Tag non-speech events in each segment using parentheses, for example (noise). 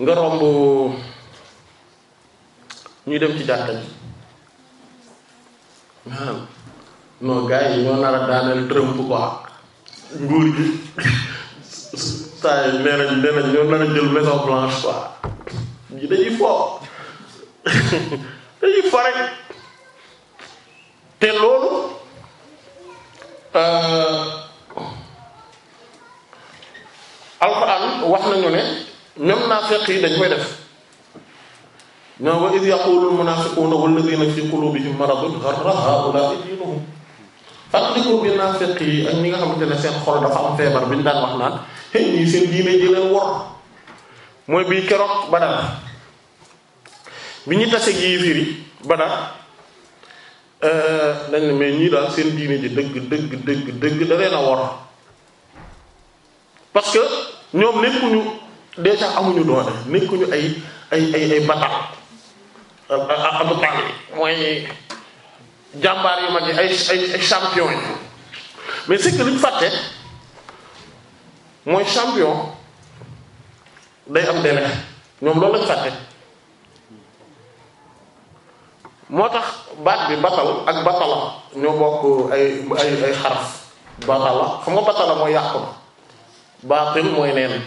nga romb ñuy dem ci jàkka ji maanaam non ñoo nar daaneel Trump quoi nguur gi saa yi nee nañ nee nañ ñoo nar a jël Maison Blanche quoi ñi dañuy fo dañuy fo rek te loolu euh, alxuraan wax nañu ne même naafeq yi dañ koy def ñoo wa id yaqulu lmunafiquna walladina fi qulubihim maradun gharra haulaai diinuhum fàttaliku bi naafeq yi ak ñi nga xamante ne seen xol dafa am feebar bi ñu daan wax naan xëy ñii seen diine ji leen wor mooy bii keroog Badar bi ñu tase gi firi Badar euh, dañ ne mais ñii daal seen diine ji dëgg dëgg dëgg dëgg da leen a wor parce ñoom lépp déjà amuñu doole nekkuñu ay ay ay ay bataal euh, abu talib mooy jàmbaar yu mag yi ay ay champion yi mais c'est que li ñu fàtte mooy champion day am délai ñoom loolu lañ fàtte moo tax baat bi batal ak batala ñoo bokk ay ay ay xaraf batala xam nga batala mooy yàqu baatil mooy neen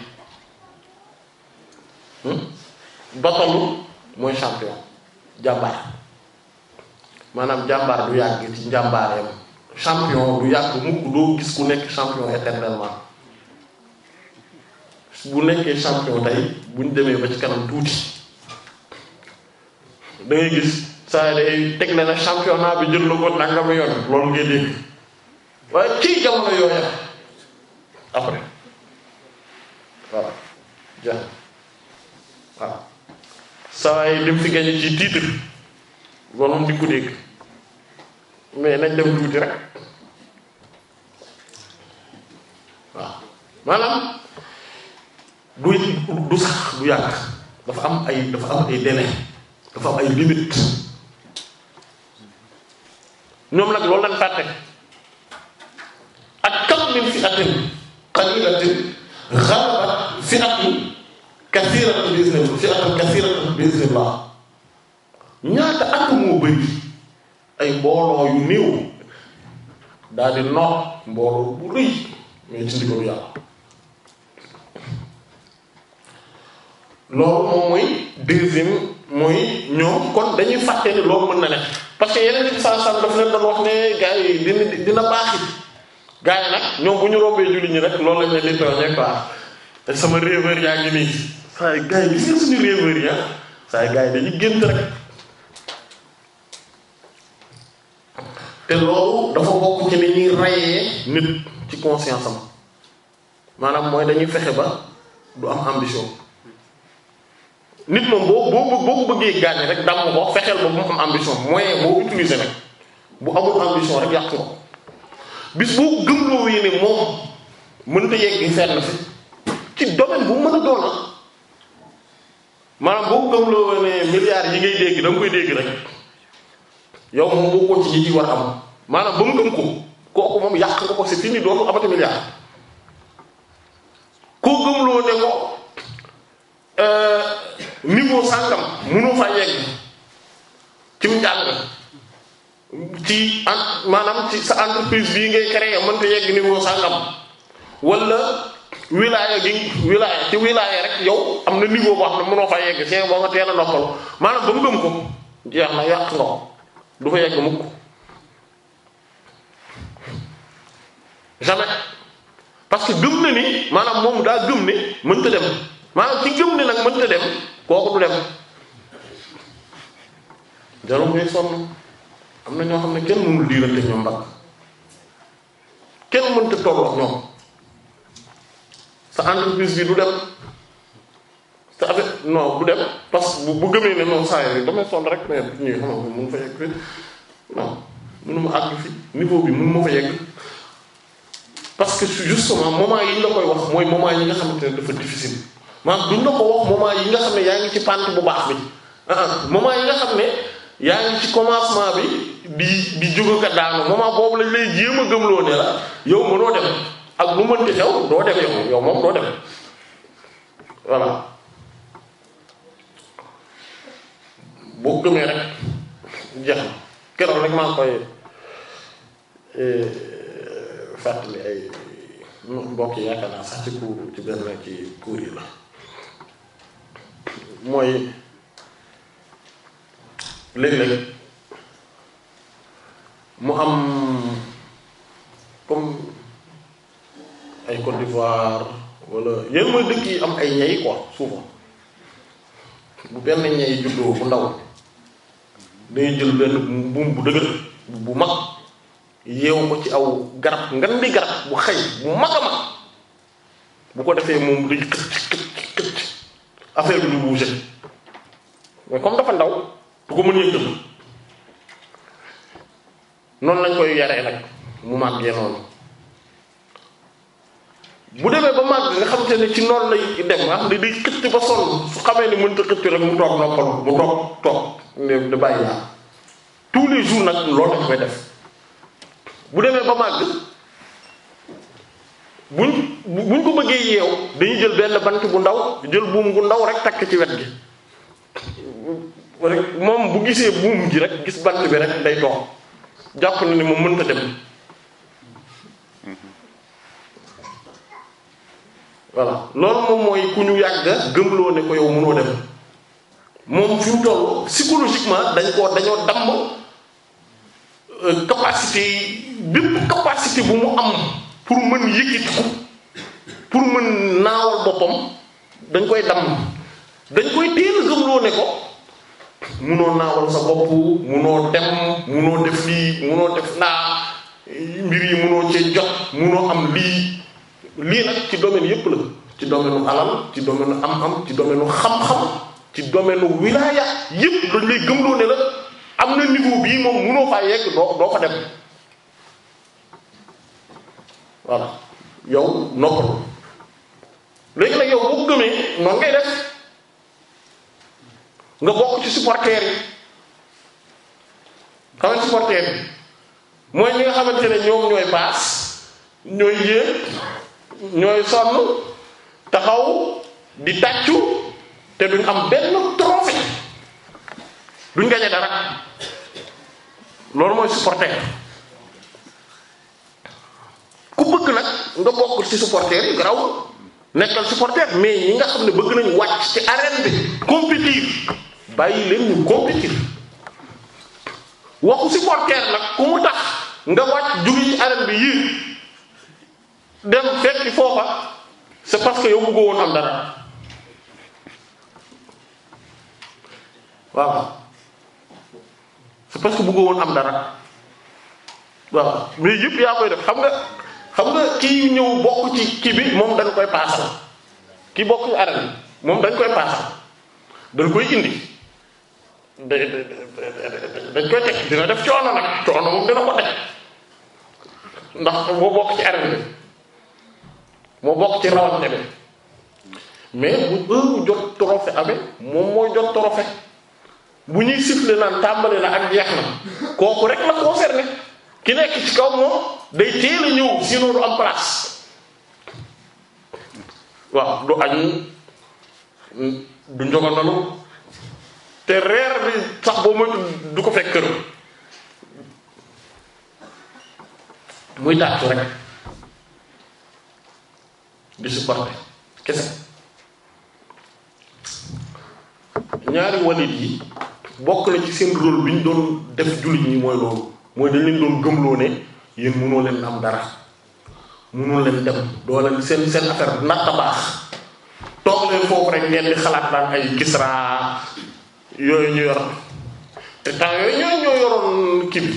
dotalu hmm? mooy champion jàmbaar maanaam jàmbaar du yàgg ci njàmbaareem champion du yàgg mukk doo gis ku nekk champion éternellement bu nekkee champion tey buñ demee ba ci kanam tuuti da gis saa day teg na ne championnat bi jël la ko nangam yoon loolu ngay dégg waaye ci jamono yooya après voilà voilà saa yi lim fi gagné ci titre loolu moom di ko dégg mais nañ dem tuuti rek waaw maanaam du du sax du yàgg dafa am ay dafa am ay délai dafa am ay limite ñoom nag loolu lañ fàtte ak kam min fi atin qalilatin xalabat fi atin kasiratan bi iznillah fi'atan kasiratan bi iznillah ñaata ak moo bëri ay mbooloo yu néew daal di noot mbooloo bu rëy mais ci ndigalu yàlla loolu moom mooy deuxième mooy ñoom kon dañuy fàtte ni loolu mën na ne parce que yeneen ci saa saa daf leen doon wax ne gars yi dina dina baaxi gars yi nag ñoom bu ñu rombee julli rek loolu lañ leen di tooñee quoi sama réewer yaa ngi nii saa yu gars yi gis suñu rêveur yi ah, saa yu gars yi dañuy gént rek te loolu dafa bokk ci li ñuy rayee nit ci conscience am maanaam mooy dañuy fexe ba du am ambition nit moom boo boo boo ko bëggee rek dàmm ko fexeel ba bu mu am ambition moyen boo utiliser nag bu amul ambition rek yàq ko bis boo gëmloo yi ne moom mënta yegg fenn fi ci domaine bu mën a doona ah, maanaam boo ko gëmloo ne milliards yi ngay dégg da nga koy dégg rek yow moom boo ko ci yi war am maanaam ba mu gëm ko kooku moom yàq nga ko c'est fini dootu amati milliards euh, ci maanaam ci sa entreprise bii ngay créer mënta yegg niveau sànkam wala wilaaya gi wilaaya ci wilaaya rek yow am na niveau boo xam ne mënoo fa yegg see boo nga teel a noppalu maanaam ba gëm ko jeex na que gëm na ni maanaam moom daa gëm ne mënta dem maanaam ci gëm ne nag mënta dem kooku du dem jarul ngay sonn am na ñoo xam ne kenn mënul diirante ñoom mbagg kenn mënta toll ñoom sa entreprise bi du dem sa affaire non du dem parce que bu gëmee ne moom saa yi damay sonn rek mais ñuy xam nga mun fa yegg àgg fi niveau bi mënuma fa yegg parce que justement yi la koy wax mooy moment nga xamante ne dafa difficile maanaam duñ la ko wax moment yi nga xam ne yaa ngi ci pante bu baax bi ah, ah moment yi nga xam ne yaa ngi ci commencement bi di di jóg ak daanu moment boobu lañ lay jéem a gëmloo ne la yow mënoo dem. ak lu mënti xew doo dem yow moom doo dem voilà boo gëmee rek jeex na keroog rek maa koy eh, fàttali ay mbokk yi yaakaar naa ci cours ci benn ci cours yi la mooy léeg-léeg mu am comme ay Côte d'Ivoire wala yéen mooy dëkk yi am ay ñay quoi souvent bu benn ñay juddoo bu ndaw day jël benn mbuum bu dëgër bu mag yeew ko ci aw garab ngan di garab bu xëy bu mag a mag bu ko defee moom day xëcc xëcc xëcc affaire bi comme dafa ndaw du ko mën yëngatu noonu lañ koy yaree nag mu màggee noonu. bu demee ba màgg nga xam te ne ci noonu lay dem ah li day xëcc ba sonn su xamee ni mënta xëcc rek mu toog noppal mu toog toog ne da bàyyi laa tous les jours nag loolu dañ koy def bu demee ba màgg buñ buñ ko bëggee yeew dañuy jël benn bant bu ndaw jël buum gu ndaw rek takk ci wet gi rek moom bu gisee buum ji rek gis bant bi rek day toog jàpp na ni moom mënta dem voilà loolu moom mooy ku ñu yàgg gëmloo ne ko yow dañ koo dañoo damm euh, bu mu am pour mën yëkkati mën naawal boppam dañ koy damm koy teel a gëmloo ne ko munoo naawal sa dem munoo def lii munoo def naa mbir yi munoo cee jot munoo am lii lii nag ci domaine yépp la ci domaine u alal ci domaine u am-am ci domaine u xam-xam ci domaine u wilaaya yépp dañ lay gëmloo ne la am na niveau bii moom mënoo faa yegg doo doo fa dem voilà yow noppalu léegi nag yow boo ko gëmee noonu ngay def nga bokk ci supporters yi xam nga yi mooy ñi nga xamante ne ñoom ñooy baas ñooy yéeg ñooy sonn taxaw di tàccu te duñ am benn trophée duñ gañe dara loolu mooy supporter ku bëgg nag nga bokk ci supporter yi garaw nekkal supporter mais ñi nga xam ne bëgg nañu wàcc ci arène bi compétir bàyyi leen ñu compétir waxu supporter nag ku mu tax nga wàcc jugi ci arène bi yii dem fekki foofa c'est parce que yow bëggoo woon am dara waaw c'est parce que bëggoo woon am dara waaw mais yëpp yaa koy def xam nga xam nga kii ñëw bokk ci kii bi moom dañ koy paasal kii bokk ci bi moom dañ koy paasal dañ koy indi dañ koy teg dina def coono nag coono moom dina ko teg ndax boo bokk ci arab bi moo bokk ci rawante bi mais bu heure jot trophée amee moom mooy jot trophée bu ñuy siffler naan tàmbali na ak jeex na kooku rek la concerné ki nekk ci kaw moom day teel a ñëw sinon du am place waaw du añ du njogonalu te reer bi sax boo moytu du ko fekk këram muy tàccu rek bisu korte kese ñaari walit yi bokk na ci seen rôle bi ñu doon def jullit ñi mooy loolu mooy dañ leen doon gëmloo ne yéen mënoo leen am dara mënoo leen dem doo leen seen seen affaire a baax toog leen foofu rek ngeen di xalaat naan ay Kisra yooyu ñu yor te temps yooyu ñooñu ñoo yoroon kii bi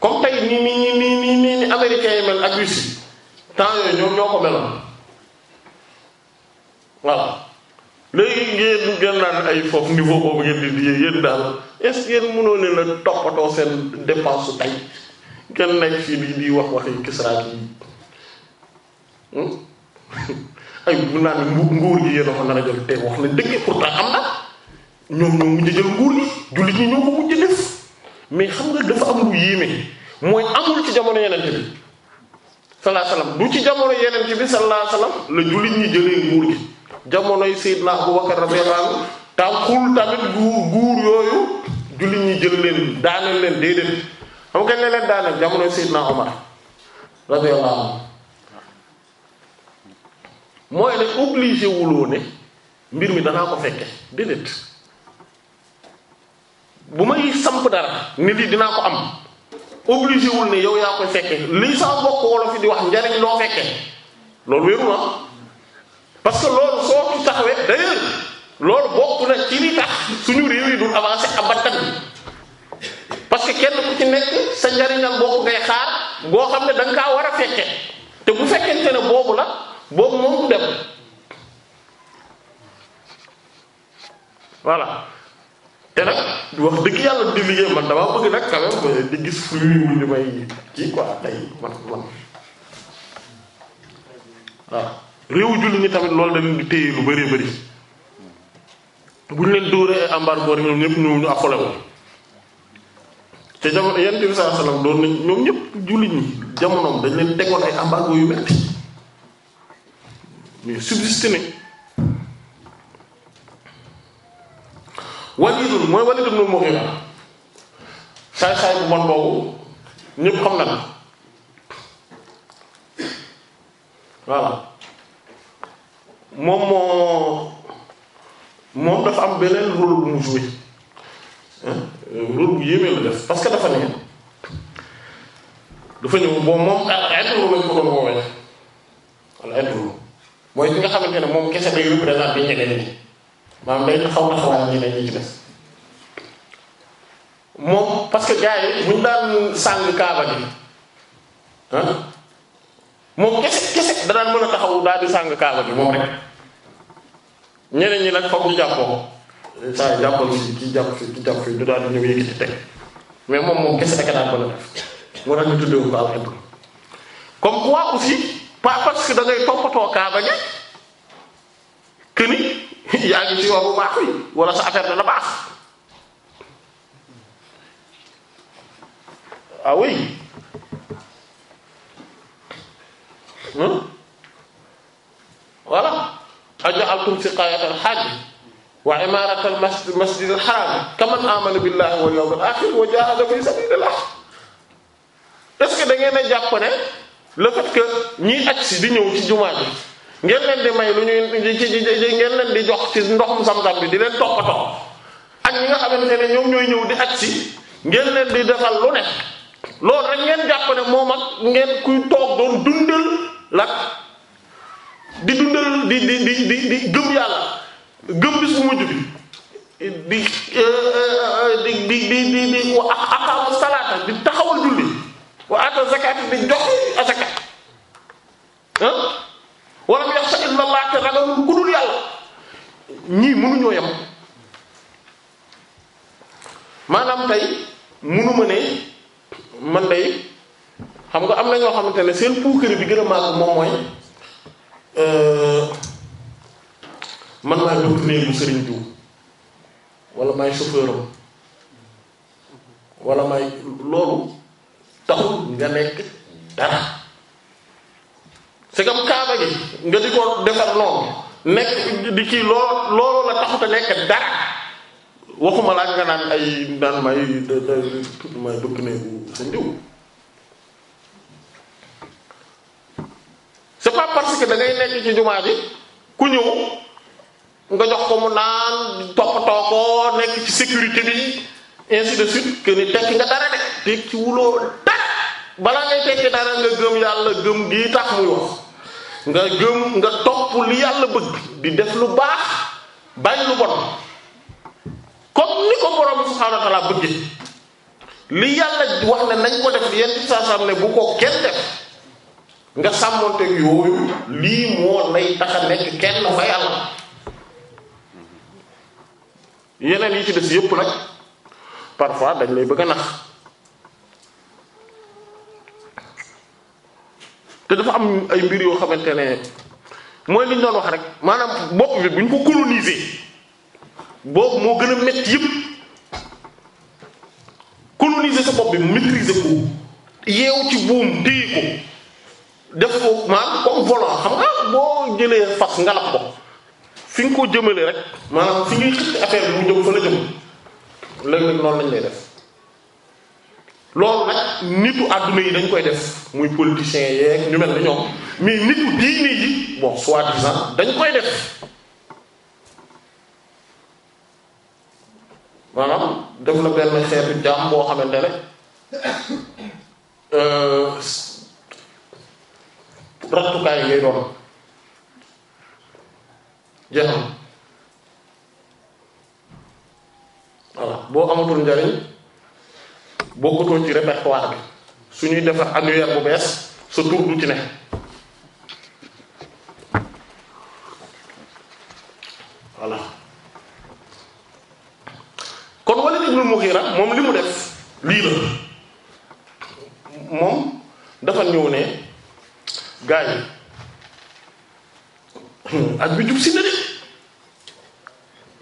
comme tey ni ni ni ni ni ni américains yi mel ak Russie temps yooyu ñoo ko meloon waaw léegi ngeen ngeen naan ay foofu niveau boobu ngeen di di yéen daal est-ce que yéen mënoo leen a toppatoo seen dépense su tey ngeen nekk fii di di wax waxi Kisra yi hmm? (laughs) ay bu naan nguur yi yéen a ko nar a jël te wax na dëgg pourtant am na ñoom ñoo mujj jël nguur gi jullit ñi ñoo ko mujj def mais xam nga dafa am lu yéeme mooy amul ci jamono yeneen bi sallallahu alayhi du ci jamono yeneen bi sallallahu alayhi la jullit ñi jëlee nguur gi. jamonoy Seydina Abubakar radiyallahu anhu tàkkul tamit guur guur yooyu jullit ñi jël leen daaneel leen déedéet xam nga ne leen daaneel jamonoy Seydina Omar radiyallahu anhu mooy ne obligé wuloo ne mbir mi danaa ko fekke déedéet bu may samp dara nit yi dinaa ko am obligé ne yow yaa koy fekke lii sama bokk wolof yi di wax njariñ loo fekke loolu wéru na ah. parce taxawee d'ailleurs loolu bokk na ci li tax suñu réew yi dul avancer abattan parce que kenn ku ci nekk sa njariñal bokk ngay xaar boo xam ne danga kaa war a fekke te bu fekkente ne boobu la boobu moom du dem voilà te nag wax dëgg yàlla di liggéey man damaa bëgg nag quand euh, di gis fruit wu li may kii quoi tey man man waaw réewu julli ñi tamit loolu da leen di téye lu bëree bëri bu ñu leen dóoree ay embargo rek ñoom ñëpp ñoom ñu akole ko te jamono yonent bi sallallahu alayhi wasallam doon nañ ñoom ñëpp jullit ñi jamonoom dañ leen tegoon ay embargo yu metti mais subsisté nañ Walid mooy Walid ibn Mughira saay-saay bu bon boobu ñëpp xam na voilà moom moo moom dafa am beneen rôle bu mu joué rôle bu yéeme la def parce que dafa ne dafa ñëw bon moom al-idol ah, ah, nga xamante ne moom kese day représenté ñeneen moom parce que gars yi bu ñu daan sàng kaaba gi moom kese kese da daan mën a taxaw daal di sàng kaaba gi moom rek. ñeneen ñi nag foog ñu jàppoo saa yi jàppal si ki jàpp fi ki jàpp fi du daal di ñëw yëkkati teg mais moom moom kese ak daan ko la moo tax ñu tuddee ko alxibra comme quoi aussi pas parce que da ngay toppatoo kaaba gi que (laughs) yaa ngi ci wax baax bi wala sa affaire dana baax ah oui hmm? aj'altum siqaayata al-hajj wa imaarata al-masjid al-haraam kaman aamana billaahi wal yawmil aaxir wa jaahada fii sabiilillaah est-ce que da ngeen a jàpp ne le fait que ñiy aj di ñëw ci jumaa ji ngeen leen di may lu ñuy ci ngeen leen di jox ci ndoxum samsam bi di leen toppatoo ak ñi nga xamante ne ñoom ñooy ñëw di aj si ngeen leen di defal lu ne loolu rek ngeen jàpp ne moom ak ngeen kuy toog doon dundal la. di dundal di di di di di gëm yàlla gëm bis bu mujj bi di eh, eh, eh, di di di di di wa salaata di taxawal julli wa aata zakaata di jox asaka ah walam yaxsha illa allah te ragalul ku dul yàlla ñii mënuñoo yem maanaam tey mënuma ne man day xam nga am na ñoo xamante ne seen puukare bi gën a màgg moom mooy man maay buntu néegu sëriñ diw wala maay chauffeur am wala maay loolu taxul nga nekk dara c'est comme kaaba gi nga di ko defar noonu nekk di kii lool loolu la taxut a nekk dara waxuma laa nga naan ay naan may may bëgg néegu sëriñ diw c'est pas parce que da nekk ci jumaa ji ku ñëw nga jox ko mu naan toppatoo ko nekk ci sécurité bi ainsi de suite que tekki nga dara rek tekki wuloo dara balaa ngay tekki dara nga gëm yàlla gëm gii tax muy wax nga gëm nga topp li yàlla bëgg di def lu baax bàyyi lu bon comme ni ko borom subhaanahu wa ta'ala bëgg li yàlla wax ne nañ ko def yenn saa ne bu ko kenn def. nga sàmmonteeg yooyu lii moo lay tax a nekk kenn fa yàlla yeneen yi ci des yëpp nag parfois dañ lay bëgg a nax te dafa am ay mbir yoo xamante ne mooy li doon wax rek maanaam bopp bi bu ñu ko coloniser boobu moo gën a métti yëpp coloniser sa bopp bi maîtriser ko yeew ci buum téye ko. def ko maanaam comme volant xam nga boo jëlee fas ngalab ko fi nga ko jëmale rek maanaam fi ngay xëcc affaire bi mu jëm fa la jëm léeg-léeg lañ lay def loolu nag nitu àdduna yi dañ koy def muy politiciens yeeg ñu mel ne ñoom mais nitu diine yi bon soi-disant dañ koy def maanaam def la benn xeetu jàmm boo xamante ne euh, rattukaay ngay doon jeex na boo amatul njariñ bokkutoo ci répertoire bi su ñuy defar annuaire bu bees sa tur du ci ne voilà kon Walid ibn Mughira moom li mu def lii la moom dafa ñëw ne gaa yi ak bi jub na de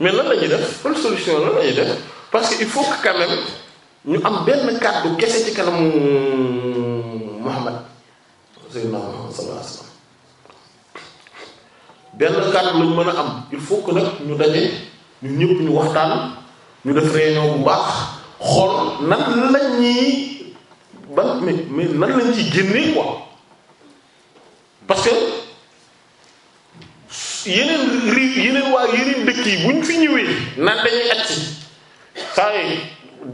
mais lan la def loolu solution lan la ñuy def parce que il faut que quand ñu am benn kàddu kese ci kanamu Muhammad sayyidina Muhammad benn kàddu lañ mën a am il faut que nag ñu daje ñu ñëpp ñu waxtaan ñu def réunion bu baax xool nan la ñuy mais mais nan lañ ci génnee quoi parce que yeneen ri yeneen waa yeneen dëkk yi buñ fi ñëwee naan dañuy acc saa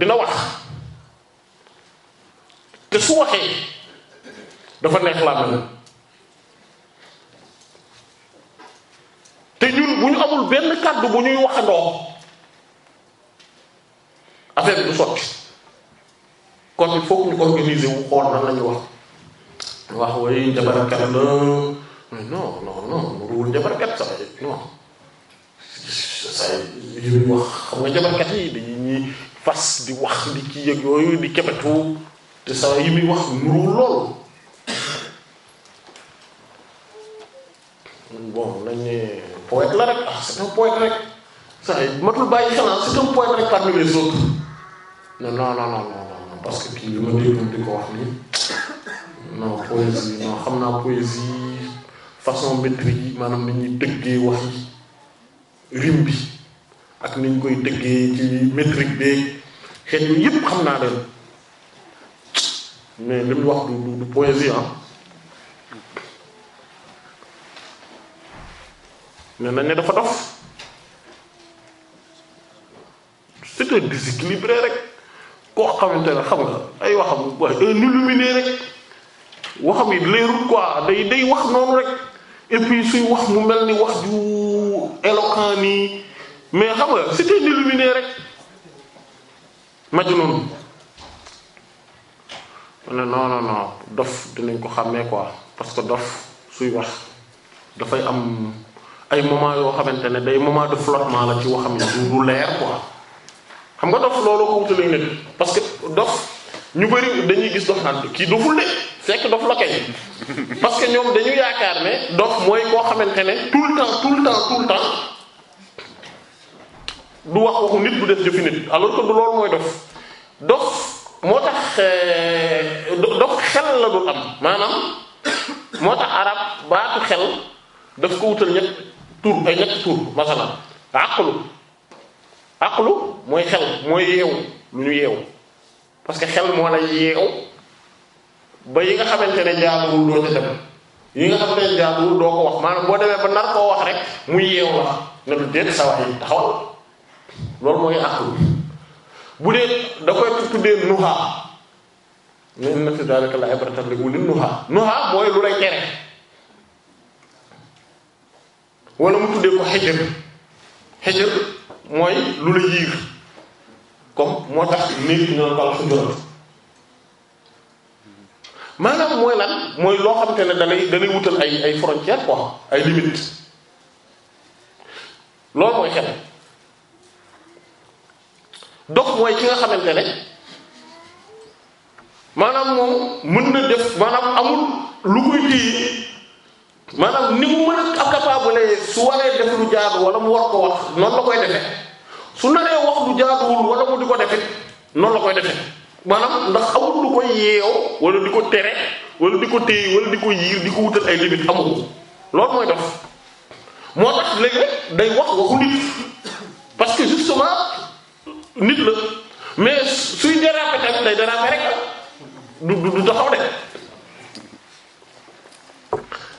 dina wax te su waxee dafa neex laa mel te ñun bu ñu amul benn kàddu bu ñuy waxandoo affaire bi du sotti kon il ñu organiser wu xool nan la ñuy wax wax way njabarkat la non non non nuruwul njabarkat sax xam nga njabarkat yi dañuy ñuy fas di wax di ci yi muy wax kii ma déglu di ko wax nii non poésie non xam naa poésie façon métrique maanaam ni ñuy tëggee wax yi bi ak ni ñu koy tëggee ci métrique beeg xeet yi yépp xam naa leen mais li mu wax du du poésie ah nee nañ ne dafa dof c'est un déséquilibré rek koo xamante ne xam nga ay waxam waaye un illuminé rek waxam yi leerul quoi day day wax noonu rek et puis suy wax mu mel ni wax ju éloquent nii mais xam nga c'était illuminé rek majnun mu ne non non non ko xàmmee quoi parce que dof suy wax dafay am ay moment yoo xamante ne day moment de flottement la ci waxam yi du leer quoi xam nga dof looloo ko wutalee nit parce dof ñu bëri dañuy gis dof naan kii doful de fekk la kay parce que ñoom dañu yaakaar ne dof mooy koo xamante ne tout le temps tout le temps tout du wax waxu nit bu def jëfi nit alors que du loolu mooy dof dof moo tax euh, dof xel la dul am maanaam moo tax arab baatu xel daf ko wutal ñett tur ay ñett tur masalan aqlu aqlu mooy xel mooy yeewu lu ñu yeewu parce que xel moo lay yeew ba yi nga xamante ne jaaduwul doo ca dem yi nga xamante ne jaaduwul doo ko wax maanaam boo demee ba nar koo wax rek mu yeew la ne du déet sa wax yi taxawal loolu mooy àqul bu dee da koy tuddee nuha ne inna fi daalika la ibratan mooy lu lay tere wala mu tuddee ko xëjër xëjër mooy lu la yiir comme moo tax néeg bi ñoon wàl xujuraat maanaam mooy lan mooy loo xam te ne dalay dalay wutal ay ay frontière quoi ay limites loolu mooy xel dox mooy ki nga xamante ne maanaam moom mën na def maanaam amul lu koy téye maanaam ni mu mën a capable su waree def lu jaadu wala mu war ko wax noonu la koy defee su naree wax du jaaduwul wala mu di ko defee noonu la koy defee maanaam ndax amul lu koy yeew wala di ko tere wala di ko téye wala di ko yiir di ko wutal ay limite amul loolu mooy def moo tax que justement nit la mais suy déraper tamit day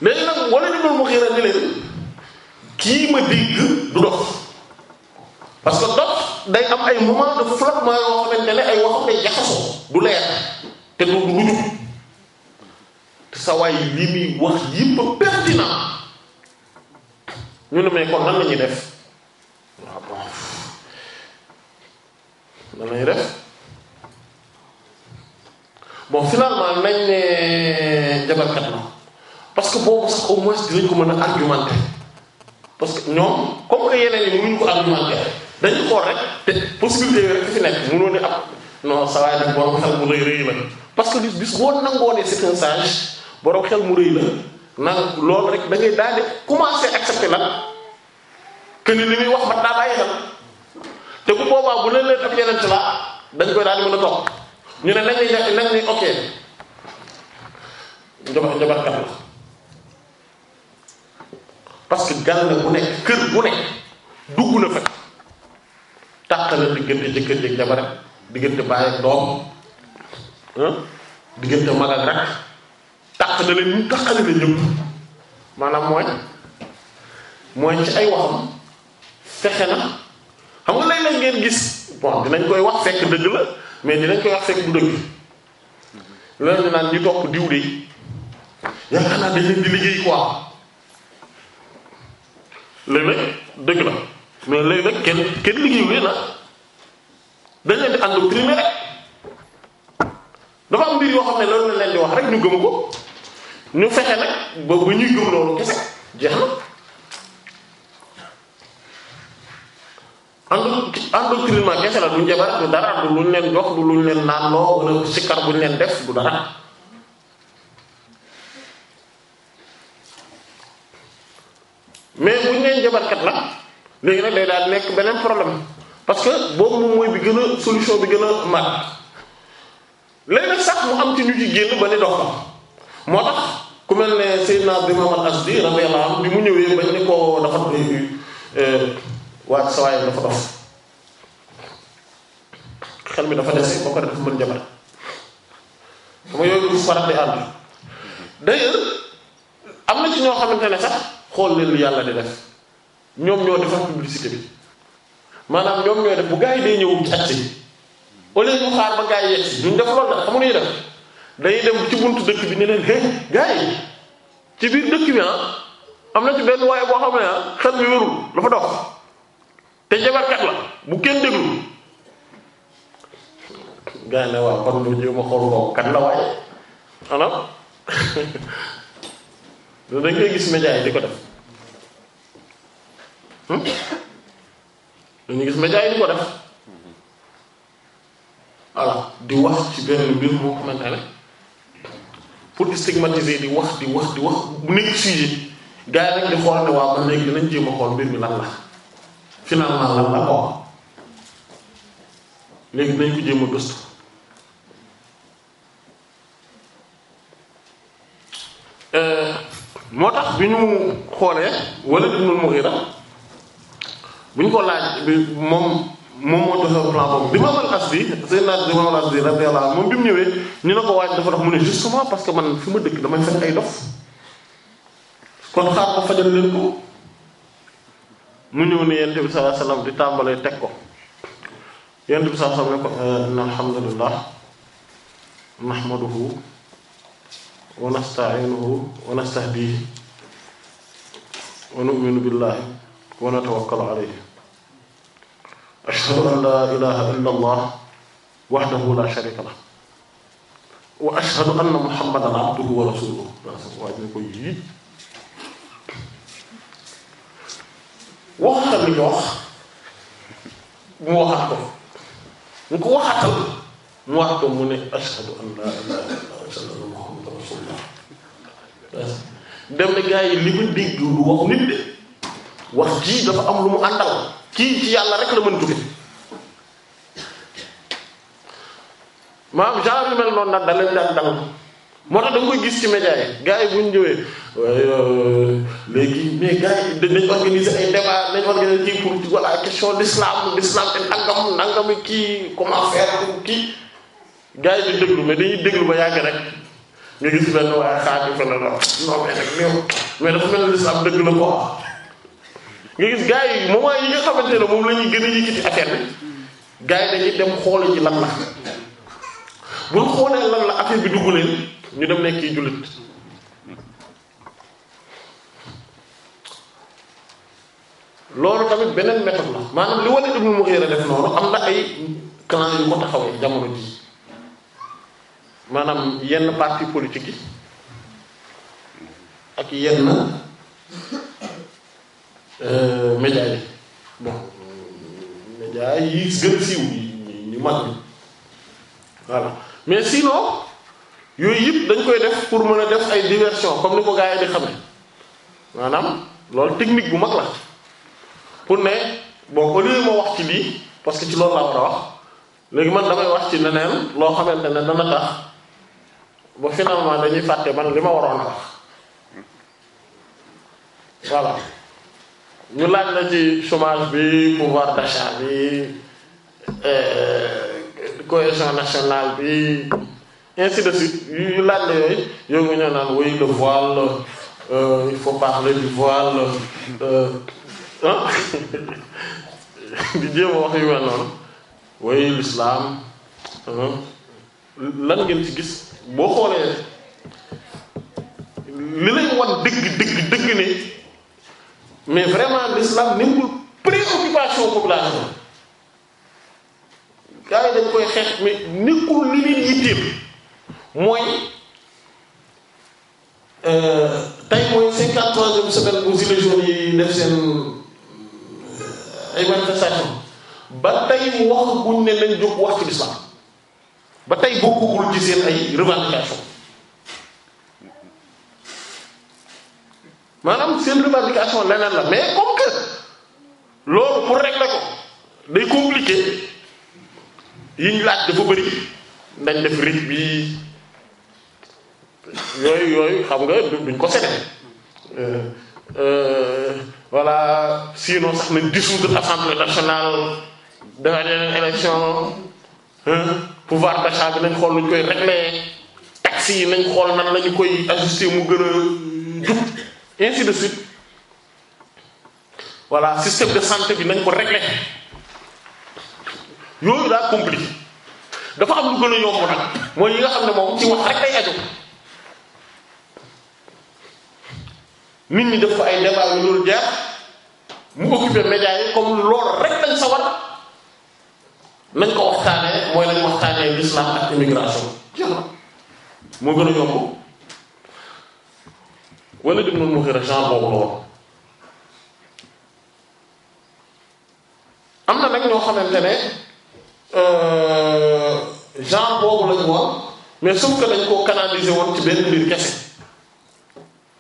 léegi nag wala ñu doon mu xiiral ni leen kii ma dégg du dox parce que dof day am ay moment de flottement yoo xamante ne ay waxam day jaxasoo du leer te du lu jub te sa waay li muy wax yëpp pertinent ñu ne mais kon nan la def waaw ah bon nañ ne jabarkat la parce que boobu sax au moins dinañ ko mën a argumenter parce que ñoom comme que yeneen yi mënuñ ko argumenter. dañu xool rek te possibilité yooyu parce que bis bis boo nangoo ne c'est un sage borom xel mu rëy da ngay li muy wax man daa bàyyi bu boobaa bu leen koy daal di mën a toog ñu ne nañ ne ña nañ ne ok la parce que gàll bu nekk kër bu nekk dugg na fa. tàqale diggante jëkkër jeeg jabar rek diggante baay ak doom ah, diggante mag ak rak tàqale leen ñu tàqale leen ñëpp maanaam mooy mooy ci ay waxam fexe na xam nga léeg-léeg ngeen gis bon dinañ koy wax fekk dëgg la mais dinañ koy wax fekk du dëgg loolu ñu naan ñu topp diw de yaakaar naa dañ leen di liggéey quoi léeg-léeg dëgg la mais léegi nag kenn kenn liggéeyu leen ah dañ leen di endoctriner rek dafa am mbir yoo xam ne loolu la leen di wax rek ñu gëm ko ñu fexe nag ba bu ñuy gëm kese jeex na endoctrinement kese la du njabar du dara du luñ leen jox du luñ leen naan loo wala sikkar buñ leen def du dara mais buñ leen jabarkat la léegi nag day daal nekk beneen problème parce que boobu moom mooy bi gën a solution bi gën a mat léegi nag sax mu am ci ñu ci génn ba ni dox moo tax ku mel ne Seydina Imaam bi mu ñëwee bañ ni ko dafa eh, waat sawaay dafa dafa dese faral di ànd d'ailleurs am na ci ñoo xamante ne sax xool leen lu yàlla di def ñoom ñoo defar publicité bi maanaam ñoom ñoo def bu gars yi day ñëw càcc si dem ci buntu dëkk bi ne ci biir dëkk bi ah am na ci benn waaye boo xam ne ah xel mi wérul dafa dox te jabarkat la bu kenn déglu gars yi ne waaw kon lu jéem xool kooku kan la waaye anam (laughs) dañ gis média yi di ko def. Hmm? dañu gis médias yi ñu ko def voilà di wax ci benn mbir moo xamante ne pour di di wax di wax di wax bu nekk sujet gars yi nag di xool ne waaw man léegi dinañ jéem a xool mbir mi ko léegi dinañ euh, moo tax bi ñu xoolee Walid ibn al-Mughira bu ñu ko laaj bi moom moom moo joxe plan boobu Imam al-Asdi Seydina Imam al-Asdi radiyallahu anhu moom bi mu ñëwee ñu ne ko waaj dafa dox mu ne justement parce que man fi ma dëkk damay fekk ay dof kon xaar ko fajal leen ko mu ñëw ne yent bi sallallahu alayhi wasallam di tàmbalee teg ko yent bi sallallahu alayhi wasallam ne ko inna eh, alhamdulillah nahmaduhu wa nasta'inuhu wa nastahdihi wa nu'minu billahi ونتوكل عليه أشهد أن لا إله إلا الله وحده لا شريك له وأشهد أن محمدا عبده ورسوله waxatal li ñu wax mu waxaat ko mu ko waxatal mu wax ko mu ne ashhadu an laa ilaaha illallaah ashhadu anna muhammadan rasuulullaah dem na gaa yi li ma dégg lu wax nit de wax ji dafa am lu mu àndal kii ci yàlla rek la mën jóge maanaam genre yu mel nag da leen daan dal moo tax da koy gis ci média yi gars yi bu ñu ñëwee euh, léegi mais gars yi dañ organiser ay débat dañ organiser kii pour voilà question d'islam d'islam te nangam nangam kii comment kii gars yi di déglu mais dañuy déglu ba yàgg rek ñu gis benn waaye xaaju fa la non non mais dafa mel ni dëgg la ko nga gis gars yi moment yi nga xamante ne moom la ñuy gën a yëkkati affaire bi gars yi dañuy dem xoole ji lan la bu ñu xoolee la affaire bi dugg leen ñu dem nekk yi loolu tamit beneen méthode la maanaam li wala Ibnu Mughira def noonu am na ay clan yu ko taxawee jamono ji maanaam yenn parti politique yi ak yenn Euh, média yi bon média siiw yi ñu mag bi voilà mais sinon yooyu yëpp dañ koy def pour mën a def ay diversion comme ni ko gars yi di xame maanaam loolu technique bu mag la pour ne bon au lieu ma wax ci lii parce que ci loolu laa war a wax léegi man damay wax ci leneen loo xamante ne dana tax ba finalement dañuy fàtte man li ma waroon a wax voilà ñu laaj na ci chômage bi pouvoir d'achat bi euh, cohésion nationale bi ainsi de suite yu laaj la yooyu nga ñëw naan woy le voile euh, il faut parler du voile ah (laughs) di wax yu mel noonu woy l'islam lan ngeen ci gis boo xoolee li lañ wan dëgg dëgg dëgg ne mais vraiment l'islam nangul préoccupation population gars yi dañ koy xeex mais nekkul li leen yitteem mooy euh, tey mooy cinquante-troisième semaine bu gilets jaunes yi def seen euh, ay manifestation ba tey wax guñ ne nañ jóg wax ci l'islam ba tey bokkugul ci seen ay revendication maanaam seen revendication leneen la mais comme que loolu pour régler ko day compliqué yiñ laaj dafa bëri dañ def rëcc bi yooyu yooyu xam nga duñ ko sete euh, euh, voilà sinon sax nañ dissoudre assemblée nationale dafa yeneen élection pouvoir d'achat nañ xool nañ koy régler taxes nañ xool nan lañu koy ajuster mu gën ainsi de suite voilà système de santé bi nañ ko régler yooyu daa compliqué dafa am lu gën a yomb nag mooy yi nga xam ne moom ci wax rek lay aju nit ñi def ko ay débat yu loolu jaar mu occupé média yi comme loolu rek lañ sa war nañ ko waxtaanee mooy lañ waxtaanee l'islam ak immigration moo gën a yomb wala Ibn al-Mughira genre boobu na nag ñoo xamante ne euh, genre boobu la ñu mais sauf que dañ koo canaliser woon ci benn mbir kese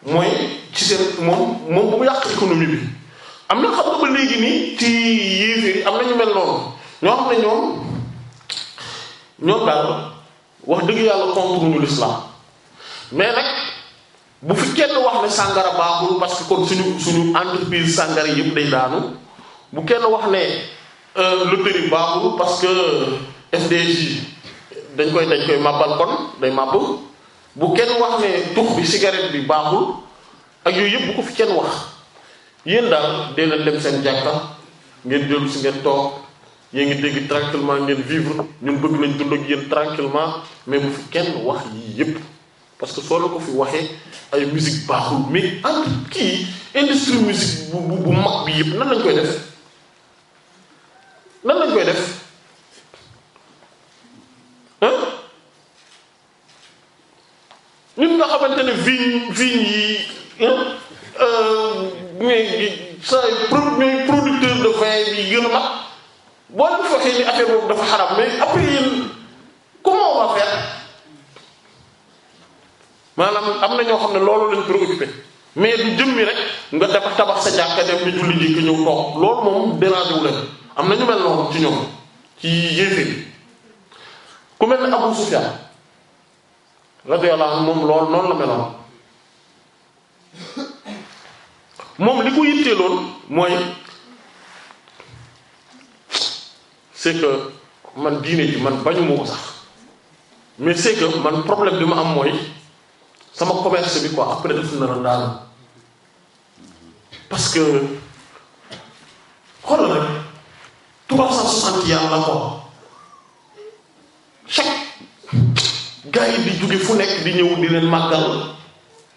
mooy ci seen moom moom bu mu yàq économie bi am na xam nga ba léegi nii ci yéeféer am na ñu mel noonu ñoo xam ne ñoom ñoom daal wax dëgg yàlla contre ñu l'islam mais nag bu fi kenn wax ne sàngara baaxul parce que kon suñu suñu entreprise sàngara yëpp day daanu bu kenn wax ne euh, loterie baaxul parce que FDJ dañ koy dañ koy màbbal kon day màbb bu kenn wax ne tux bi cigarette bi baaxul ak yooyu yëpp bu ko fi kenn wax yéen daal dee leen dem seen jàkka ngeen dellu si ngeen toog yéen ngi dégg tranquillement ngeen vivre ñun bëgg nañ dund ak yéen tranquillement mais bu fi kenn wax yii yëpp parce que soo la ko fi waxee ay musique baaxul mais entre kii industrie musique bu bu bu mag bi yëpp nan nañ koy def nan lañ koy def ah ñun nga xamante ne vigne vigne yi euh, mais sa premier producteur de vin yi gën a mag boo leen waxee boobu dafa xaram mais après yéen comment on va maanaam am na ñoo xam ne loolu lañ préoccupé mais du mi rek nga dafa tabax sa jàkka dem di julli ji ki ñëw toog lool moom dérangé wu leen am na ñu mel noonu ci ñoom ci yéeféer bi moom loolu noonu la meloon moom li ko yittee lool mooy c'est que man diine yi man bañu ma sax mais c'est que man problème bi ma am mooy sama commerce bi quoi après daf nar a daanu parce que xoolal rek trois cent yàlla quoi chaque gars di jóge fu nekk di ñëw di leen màggal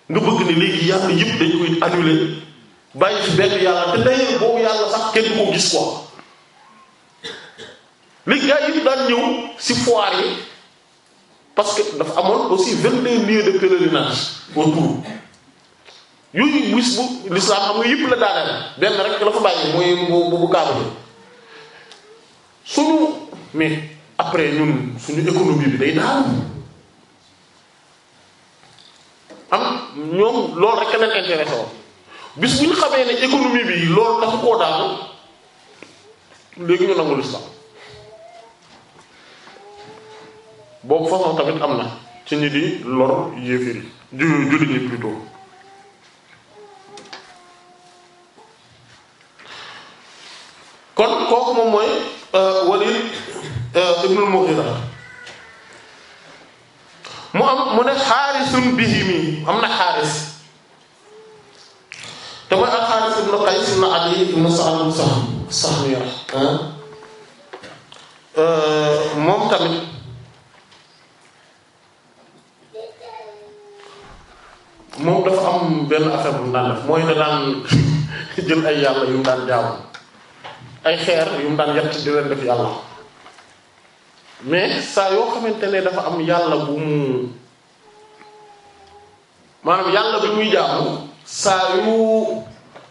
nga bëgg ne léegi yàlla yëpp dañ koy bàyyi fi benn yàlla te day boobu yàlla sax kenn du gis quoi léegi gars yi ñëw si foire yi. parce que dafa amoon aussi vingt-deux lieux de pèlerinage autour yooyu bis bu l'islam xam nga yëpp la daaneel benn rek la fa bàyyi mooy bu bu Kaaba bi suñu mais après ñun suñu économie bi day daanu am ñoom loolu rek leen intéressé bis bu ñu xamee ne économie bi loolu dafa koo daanu léegi ñu nangu l'islam boobu façon tamit am na ci ñi di lor yéeféer yi ju jullit ñi plutôt kon kooku moom mooy euh, Walid euh, ibnul Mughira mu am mu ne xaarisun bihimi am na xaalis te mooy al-Xaaris ibn Qays ibn Ali ibn Sa'd sax sax mi moom tamit moom dafa am benn affaire bu mu daan def mooy ne daan (laughs) jël ay yàlla yu mu daan jaamu ay xeer yu mu daan yett di leen def yàlla mais saa yoo xamante ne dafa am yàlla bu mu maanaam yàlla bi muy jaamu saa yu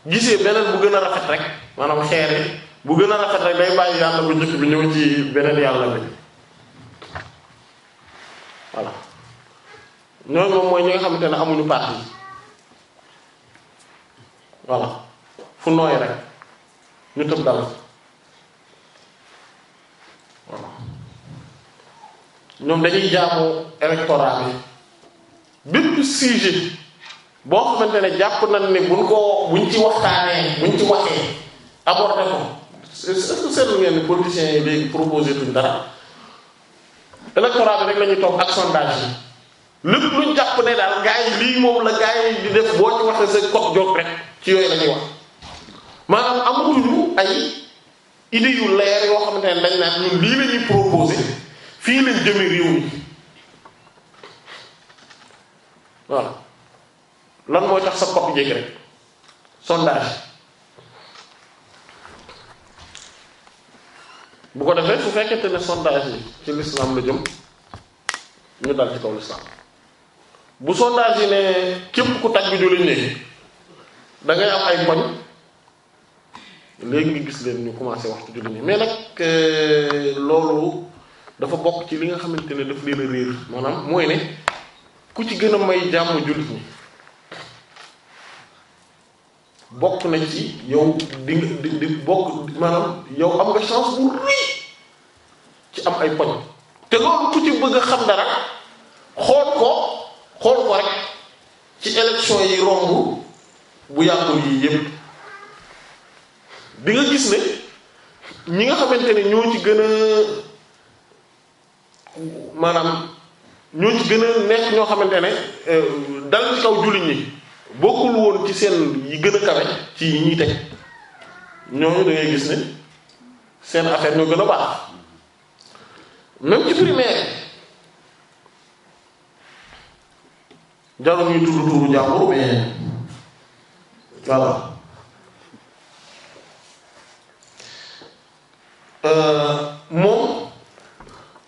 gisee beneen bu gën a rafet rek maanaam xeer bu gën a rafet rek day bàyyi yàlla bu njëkk bi ñu ñëw ci beneen yàlla bi voilà ñooñu moom mooy ñi nga xamante ne amuñu parti voilà fu nooy rek ñu tëb dal voilà ñoom dañuy jaamu électorat bi bépp sujet boo xamante ne jàpp nañ ne buñ ko buñ ci waxtaanee buñ ci waxee aborder ko est-ce ngeen ni yi léegi proposé tuñ dara électorat bi rek la toog ak sondage lépp lu jàpp ne daal gaa yi lii moom la gaa yi di def boo ci waxee sa kot jot rek ci yooyu la ñuy wax maanaam amatuñu ay idées yu leer yoo xamante ne dañ naan ñun lii la ñuy proposé fii lañ jëmee réew mi voilà lan mooy tax sa kot jég rek sondage bu ko defee su fekkente ne sondage yi ci l'islam la jëm ñu dal ci kaw l'islam bu sondage yi ne képp ku tàgg ju lañ ne da am ay koñ léegi nga gis leen ñu commencé waxtu julli nii mais nag euh, loolu dafa bokk ci li nga xamante ne daf leen a réer maanaam mooy ne ku ci gën a may jàmm jullit bokk na ci yow di bokk maanaam yow am nga chance bu rëy ci am ay poñ te loolu ku ci bëgg xam dara xool ko xool ko rek ci élection yi romb bu yàggul yii yépp di nga gis ne ñi nga xamante ne ñoo ci gën a maanaam ñoo ci gën a nekk ñoo xamante ne euh, dal ci kaw jullit ñi bokkul woon ci seen yi gën a kawe ci yi ñuy teg ñoo da ngay gis ne seen affaire ñoo gën a baax même ci primaire jarul ñuy tudd tuuru jàmbur mais voilà euh, moom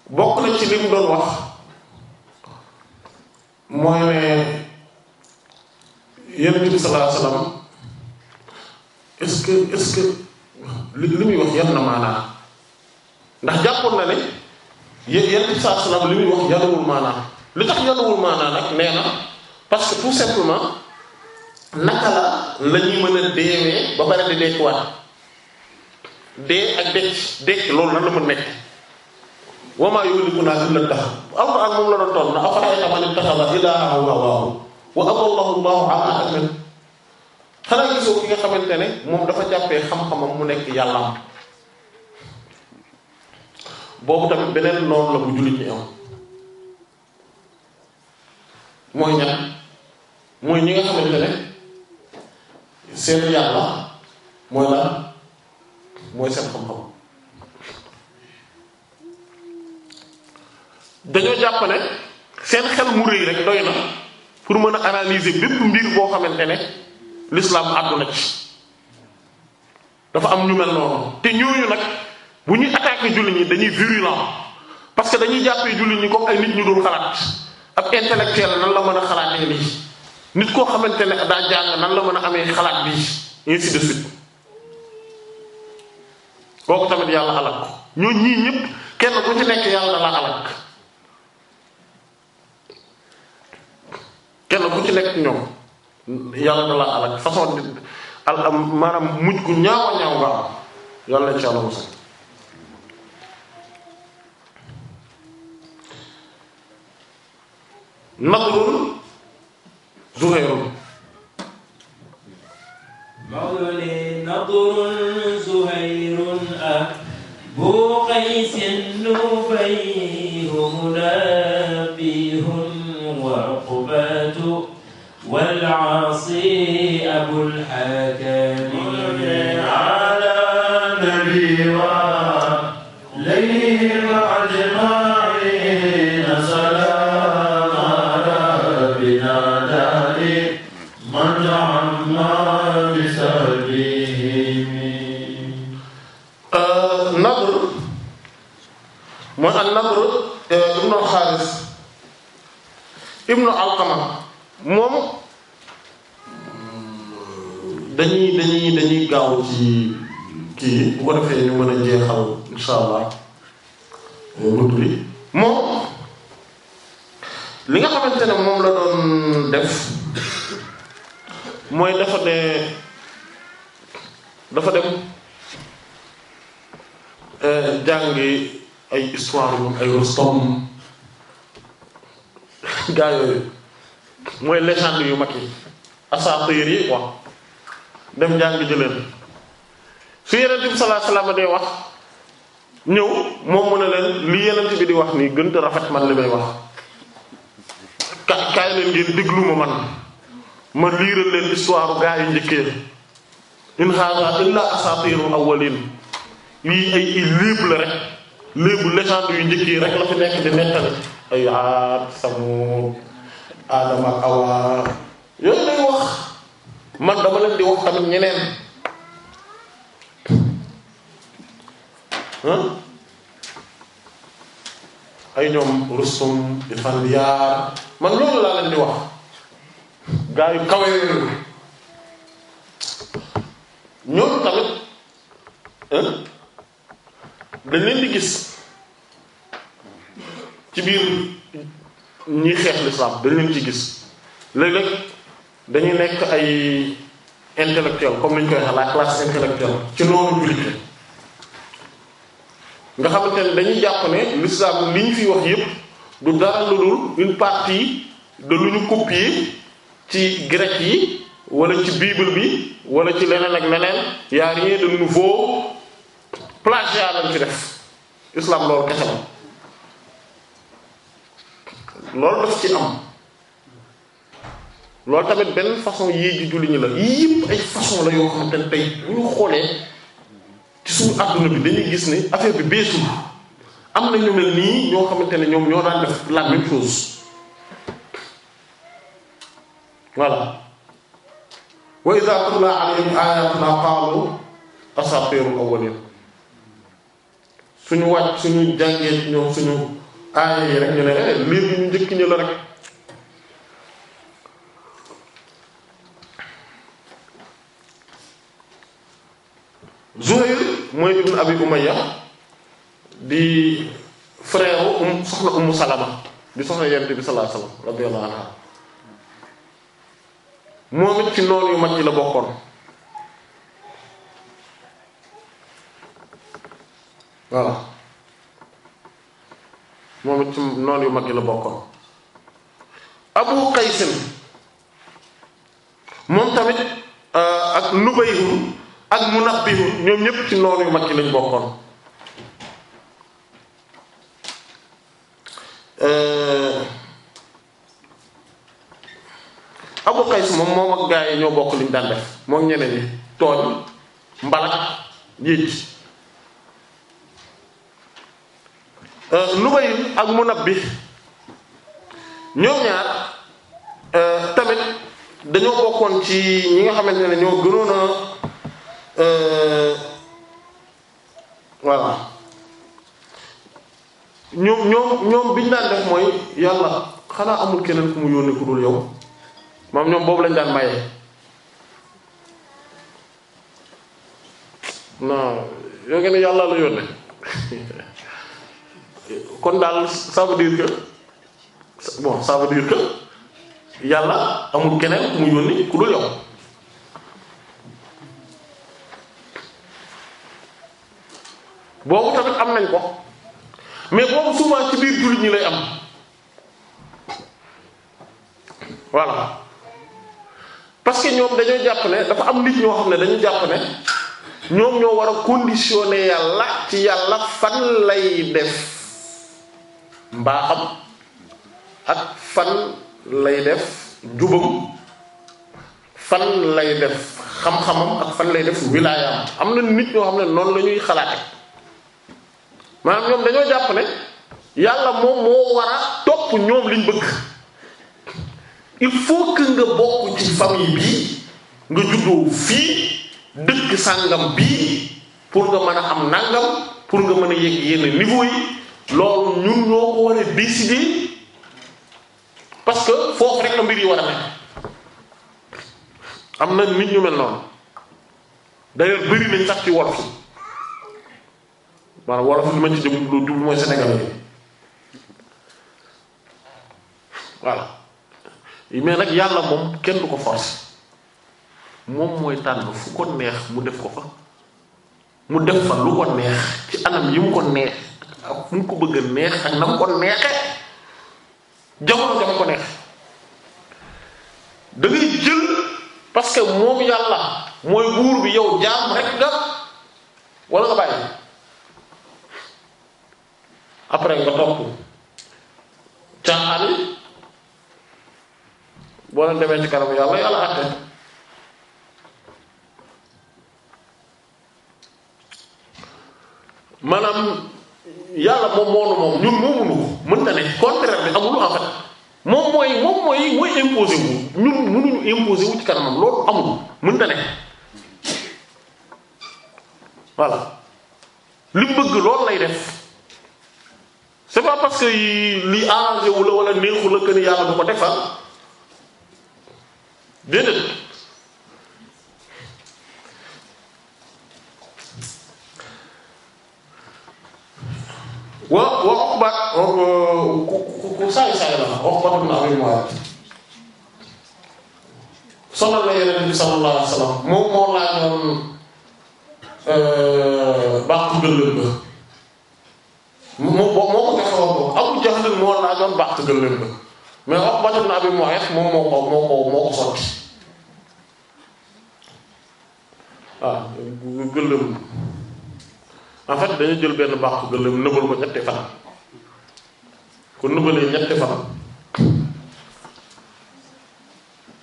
bokk na ci li doon wax mooy ne Yonent bi sallallahu alayhi wasallam est li li muy wax yar na maanaa ndax jàppoon na ne Yonent bi sallallahu alayhi wasallam li muy wax yaruwul maanaa li tax yaruwul maanaa nag nee na. parce que tout simplement naka la la mën a deewee ba pare di dekkiwaat dee ak dekk dekk loolu lan la mën nekk wama yuhlikunaa illa dahr alxuraan moom la doon toll na afara'ayta man ittaxaza ilaahahu hawaahu wa adallahu allahu ala ilmin xanaa gisoo ki nga xamante ne moom dafa jàppee xam-xamam mu nekk yàllaam boobu tamit beneen noonu la bu jullit ñi am mooy ñan mooy ñi nga xamante ne seen yàlla mooy lan mooy seen xam-xam dañoo jàpp ne seen xel mu rëy rek doy na pour mën a analyser bépp mbir boo xamante ne l'islam àdduna ci dafa am ñu mel noonu te ñooñu nag bu ñuy attaquer jullit ñi dañuy virulent parce que dañuy jàppee jullit ñi comme ay nit ñu dul xalaat ab intellectuel nan la mën a xalaatee lii nit koo xamante ne daa jàng nan la mën a amee xalaat bii ainsi de suite kooku tamit yàlla alal ko ñoo ñii ñëpp kenn ku ci nekk la kenn ku ci nekk ñoom yàlla la alal façon al am maanaam mujj gu ñaaw a ñaaw nga yàlla ci yàlla musal nadrun zuhayrun mawlani nadrun zuhayrun abu ah, qaysin nubay munabihun wa uqbatu wal aasi abul hakam nadr mooy al nadr eh, ibnu xaalis ibnu alqama moom dañuy dañuy dañuy gaaw ci kii bu ko defee ñu mën a jeexal insha allah eh, bunt bi moom li nga xamante ne moom la doon def mooy dafa ne dafa dem euh, jàngi ay histoire moom ay Rustom gaa yooyu mooy légende yu mag yi asaatiir yi wax dem jàngi jëleen fi yenent bi sallallahu alayhi wasallam day wax ñëw moom mu ne leen li yenent bi di wax nii gën a rafet man li may wax ka kaay leen ngeen déglu ma man ma liiral leen histoire gaa yu njëkkee in hada illa asatirul awwalin lii ay i léeb la rek léebu légende yu njëkkee rek la fi nekk di nettali ay aat Samuud Aadama ak yooyu lay wax man dama leen di wax tamit ñeneen ay ñoom rusum di fan yaar man loolu laa leen di wax gaa yu kawe yooyu ñoom tamit dañ leen di gis ci biir ñiy xeex lislaam dañ leen ci gis léeg-léeg dañuy nekk ay intellectuel comme niñ koy waxee la classe intellectuelle ci noonu jullit nga xamante ne dañuy jàpp ne l'islam li fi wax yépp du dara lu dul une partie de lu ñu copier ci grec yi wala ci biible bi wala ci leneen ak leneen y a rien de nouveau plagiat lañ ci def islam loolu kese la loolu daf ci am loolu tamit benn façon yii ji julli ñi la yii ay façon la yoo xamante ne tey bu ñu xoolee ci suñu adduna bi dañuy gis ne affaire bi bi am na ñu mel nii ñoo xamante ne ñoom ñoo daan def la même chose voilà wa ida tutla alayhim ayatuna qaalu asatirul awwalin suñu wàcc suñu jàngee ñoom suñu aaya yi rek ñu ne lii eh, ñu njëkk ñu la rek Zuhayr mooy ibn Abi Umayya di frère um soxna Ummu Salama di soxna Yonent bi sallallahu alayhi wa sallam radiyallahu anha moom it ci noonu yu mag yi la bokkoon waaw moom it ci noonu yu mag yi la bokkoon abu qaysin moom tamit euh, ak nubayhun ak munabbihun ñoom ñépp ci noonu yu mag yi lañ bokkoon euh, Abu Qays moom moom ak gaa yi ñoo bokk liñ daan def moom ñeneen ñi tooñ mbalak yéeg Lubayl euh, ak Munabbi ñoom ñaar euh, tamit dañoo bokkoon ci ñi nga xamante ne ñoo gënoon a euh, voilà ñoom ñoom ñoom biñ daan def mooy yàlla xanaa amul keneen ku mu yónnee ku dul yow. moom ñoom boobu lañ daan maye non yoo ngi ne yàlla la yónnee (laughs) kon daal ça que bon ça que yàlla amul keneen mu yónni ku dul yow boobu tamit am nañ ko mais boobu souvent ci biir jullit ñi lay am voilà parce que ñoom dañoo jàpp ne dafa am nit ñoo xam ne dañu jàpp ne ñoom ñoo war a conditionner yàlla ci yàlla fan lay def mbaaxam ak fan lay def jubam fan lay def xam-xamam ak fan lay def wilaayaam am na nit ñoo xam ne noonu la ñuy xalaate maanaam ñoom dañoo jàpp ne yàlla moom moo war a topp ñoom liñ bëgg il faut que nga bokk ci famille bii nga juddoo fii dëkk sàngam bi pour nga mën a am nangam pour nga mën a yegg yenn niveau yi loolu ñun ñoo ko war a décider parce que foofu rek la mbir yi war a nekk am na nit ñu mel noonu d'ailleurs bëri nañ sax ci wolof maanaam wolof li ma ci jëm lu jublu mooy Sénégal bi mais nag yàlla moom kenn du ko force moom mooy tànn fu ko neex mu def ko fa mu def fa lu ko neex ci anam yi mu ko neex ak fu mu ko bëgg a neex ak na mu ko neexe jamono dama ko neex da jël parce que moom yàlla mooy buur bi yow jaam rek nga wala nga bàyyi après nga topp caaxaan boo leen demee ci kanam yàlla yàlla àtte maanaam yàlla moom moonu moom ñun moomuñu ko mënta ne contraire bi amul en fait moom mooy moom mooy mooy imposé wu ñun mënuñu imposé wu kanamam loolu amul mënta ne voilà li bëgg loolu lay def c'est pas parce que lii arrangé wu la wala neexu la que yàlla du ko defal. déedéet wa wa Uqba ku ku ku saay saay la Uqba ibn Abi Mu'ayt sonal la Yonent bi sallallahu alayhi wasallam moom moo laajoon euh, baaxu gëllëm ba moo moo ko defoo ko Abu Jahl moo laajoon ba mais Uqba ibn Abi Mu'ayt moom moo ko moo ko moo ko sotti waaw ah, gëllëm en fait dañu jël benn baax gëllëm nëbal ko ñetti fan ku nëbalee ñetti fan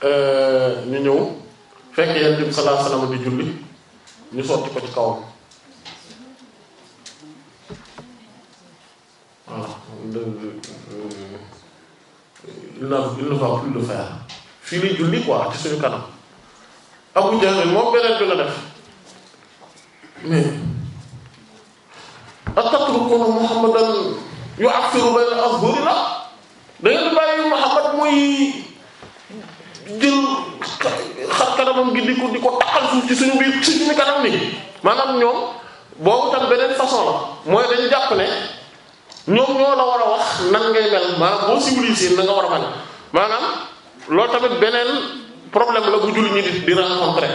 euh, ñu ñëw fekk Yonent bi sallallahu alayhi wasallam di julli ñu sotti ko ci kawam waaw il ne va plus le faire fii lay julli quoi ci suñu kanam Abu Jahl moom beneen bi la def mais atatrukuna Muhammadan yu'affiru bayna azhurina da ngeen di bàyyi Muhammad muy jël xar kanamam gi di ko di ko ci suñu biir ci suñu kanam ni maanaam ñoom boobu tam beneen façon la mooy dañu jàpp ne. ñoom ñoo la war a wax nan ngay mel maanaam boo civilisé na nga war a mel maanaam loolu tamit beneen problème la bu jullit ñi di di rencontrer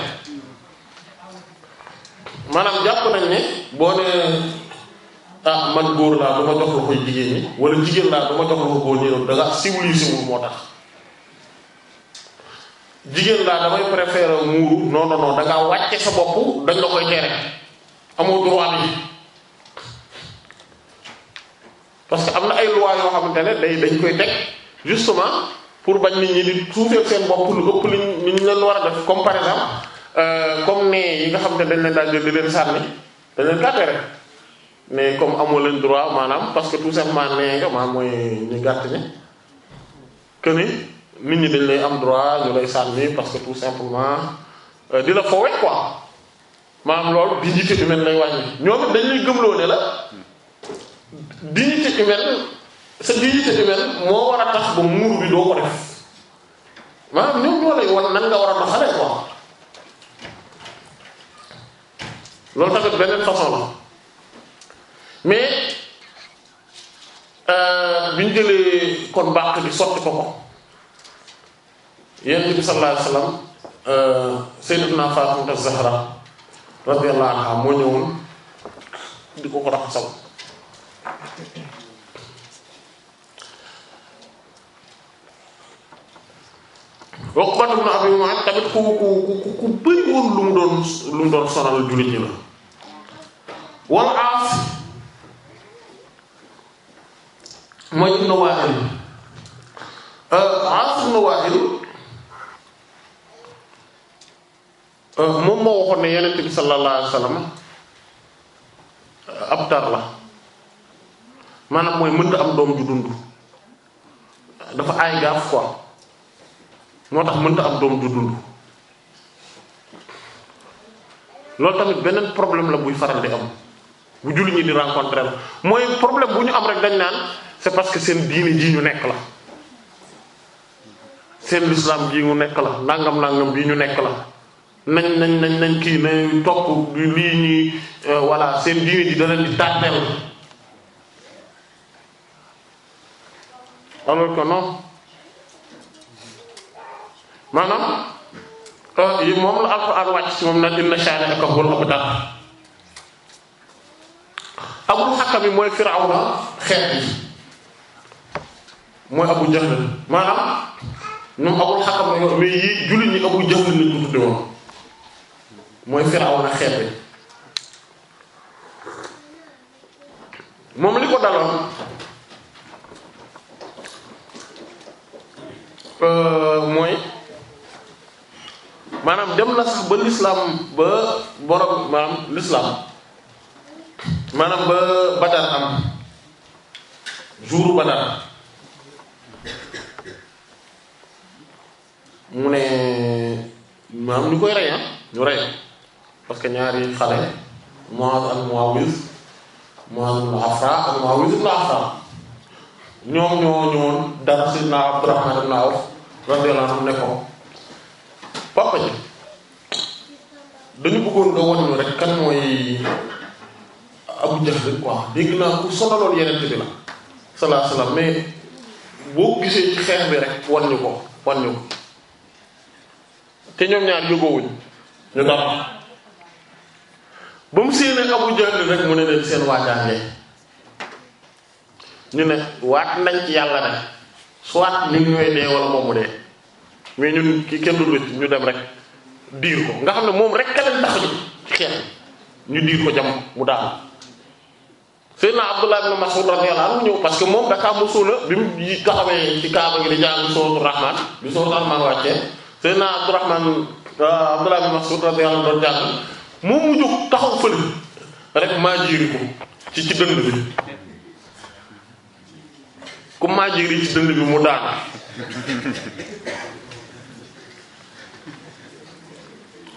maanaam jàpp nañ ne boo nee. ah man góor laa dama jox loxoy jigéen ñi wala jigéen laa dama jox loxo góor ñi da nga civilisé moo tax jigéen laa damay préférer muuru non non non da wàcce sa bopp dañ la koy tere amoo droit bi parce que am na ay lois yoo xamante ne day dañ koy teg justement pour bañ nit ñi nit suufee seen bopp lu ëpp li ñu leen war a def comme par exemple euh, comme ne yi nga xam ne dañ leen daal di leen sànni dañ leen mais comme amoo leen droit maanaam parce que tout simplement nee nga maanaam mooy ñu gàtt ne que nit ñi dañ lay am droit ñu lay sànni parce que tout simplement euh, di la fowe quoi maanaam loolu dignité humaine lay wàññi ñoom it dañ lay gëmloo ne la. dignité humaine sa dignité humaine moo war a tax ba muur bi doo ko def maanaam ñoom ñoo lay wan nan nga war a doxalee quoi loolu tamit beneen façon la mais euh, bi ñu jëlee kon mbàq bi sotti ko ko yonent bi sallallahu alayhi wasallam euh, sayyidatuna Fatimata Zahra radiyallahu anha moo ñëwoon di ko ko raxasal Uqbatu ibn Abi Mu'ayt tamit ku ku ku ku bëri woon lu mu doon lu mu doon sonal jullit ñi la wal Aas mooy ibn Waahil Aas moom moo waxoon ne Yonent bi sallallahu alayhi abtar la maanaam mooy mënta am doom ju dund dafa aay gaaf quoi moo tax mënta am doom ju dund loolu tamit beneen problème la buy faral di am bu jullit ñi di rencontrer la mooy problème bu ñu am rek dañ naan c'est parce que seen diine jii ñu nekk la seen lislaam ji mu nekk la nangam nangam bii ñu nekk la nañ nañ nañ nañ kii na topp lii ñi euh, voilà seen diine ji da leen di tànneel alors que non maanaam euh, moom la alxuraan wàcc si moom nag inna shaani'aka huwal abtar abul xakam yi mooy firawna xeet bi mooy abu jahl maanaam ñoom abul xakam la mais yi jullit ñi abu jahl lañ ko tudde woon mooy firawna xeet bi moom li ko daloon Euh, mooy maanaam dem na sax ba lislaam ba borom maanaam lislaam maanaam ba Badar am jouru Badar mu ne maanaam ñu koy rey ah, ñu rey parce que ñaari xale Muaz ak Muawiz Muaz ibn Afra ak Muawiz ibn Afra ñoom ñoo ñëwoon dara sidna Abdurrahman ibn Awf radiyallahu anhu ko papa ji dañu bëggoon nga wan ñu rek kan mooy Abu Jahl quoi dégg naa yeneen bi la sallallahu alayhi mais boo gisee ci xeex bi rek wan ñu ko wan ñu ko te ñoom ñaar yóbboowuñu ñu dara ba mu séenee Abu Jahl rek mu ne leen seen waajaangee ñu ne waat nañ ci yàlla ne soit ñun ñooy dee wala moom mu dee mais ñun ki kenn du ñu dem rek diir ko nga xam ne moom rek keneen tax ci xeex ñu diir ko jam mu daanu Seydina Abdullah ibn Mas'ud radiyallahu anhu ñëw parce que moom dafa mosul a bi mu taxawee ci kaaba gi di jàng sootu Rahman bi sootu Rahman wàccee Seydina Abdurrahman euh, Abdullah ibn Mas'ud radiyallahu anhu doon jàng moom mu jóg taxaw fële rek maa ko ci ci dënd bi. ku maa jigri ci dënd bi mu daan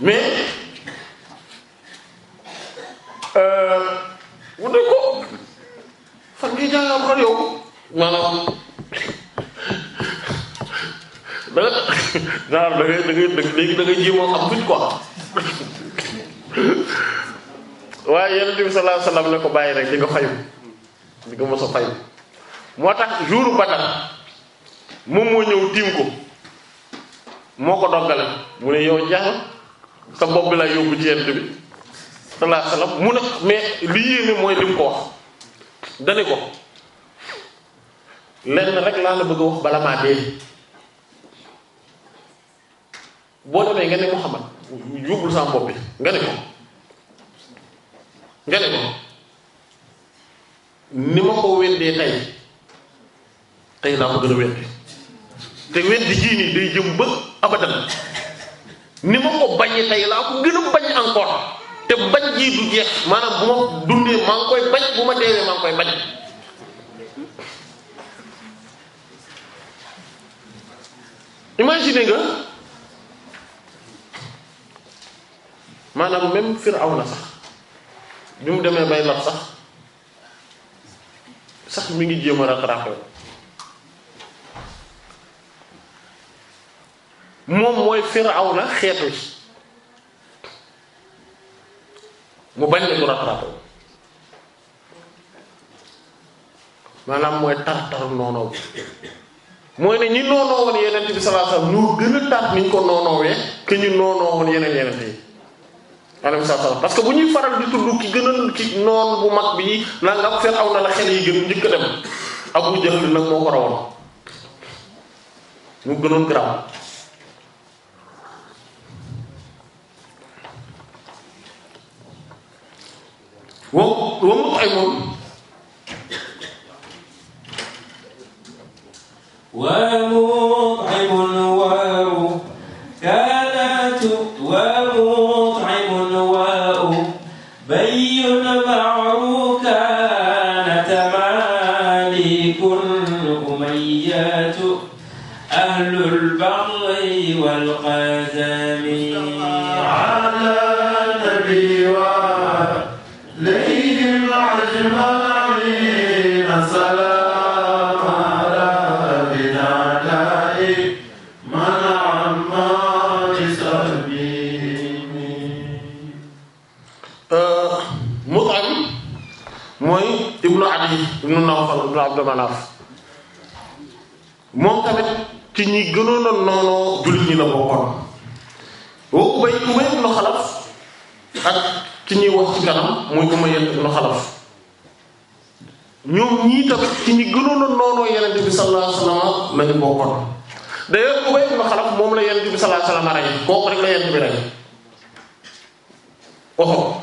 mais mu euh, ne ko fan ngay jàngal xar yow maanaam da nga genre da ngay da ngay léegi da ngay jéemoon am waaye yonent bi sallallahu alayhi ne ko bàyyi rek di fayu di nga mos moo tax jouru Badar moom moo ñëw tiim ko moo ko doggale mu ne yow jaxal sa bopp bi lay yóbbu ci yent bi salaa salaam mu ne mais li yéeme mooy lim ko wax dane ko lenn rek laa la bëgg a wax bala maa dee boo demee nga ne Muhammad yóbbul sama bi nga ne ko nga ne ko ni ma ko wendee tey tey laa ko gën a weddi te weddi jii nii day jëm ba abadan ni ma ko bañee tey laa ko gën a bañ encore te bañ jii du jeex maanaam bu ma dundee maa ngi koy bañ bu ma deewee maa ngi koy bañ imagine nga maanaam même Firawna sax bi mu demee bay lab sax sax mi ngi jéem a rattrapé moom mooy Firawna xeetu yi mu bañ la ñu rattrapé maanaam mooy tar-tar noonoo bi mooy ne ñi noonoo woon yeneen bi sallallahu alayhi wasallam gën a tar niñ ko noonoowee que ñu noonoo woon yeneen yeneen yi alayhi salaam parce que bu ñuy faral di tudd ki gën a noon bu mag bi nangam Firawna la xel yi gën njëkk a dem Abu Jahl nag moo ko rawoon mu gënoon garaaw wa wa mut'imun ومطعم واو كانت ومطعم واو بي معروف كانت مالك أميات أهل البر والقزم Nawfal ibn Abd Manaf moom tamit ci ñi gënoon noonoo jullit ñi la bokkoon woo Ubay Ubay ibn Xalaf ak ci ñuy wax ci kanam muy Umayya ibn Xalaf ñoom ñii tamit ci ñi gënoon noonoo Yonent bi sallallahu alayhi wasallam lañu bokkoon d'ailleurs Ubay ibn Xalaf moom la Yonent bi sallallahu alayhi wasallam rey kooku la Yonent bi rey oxo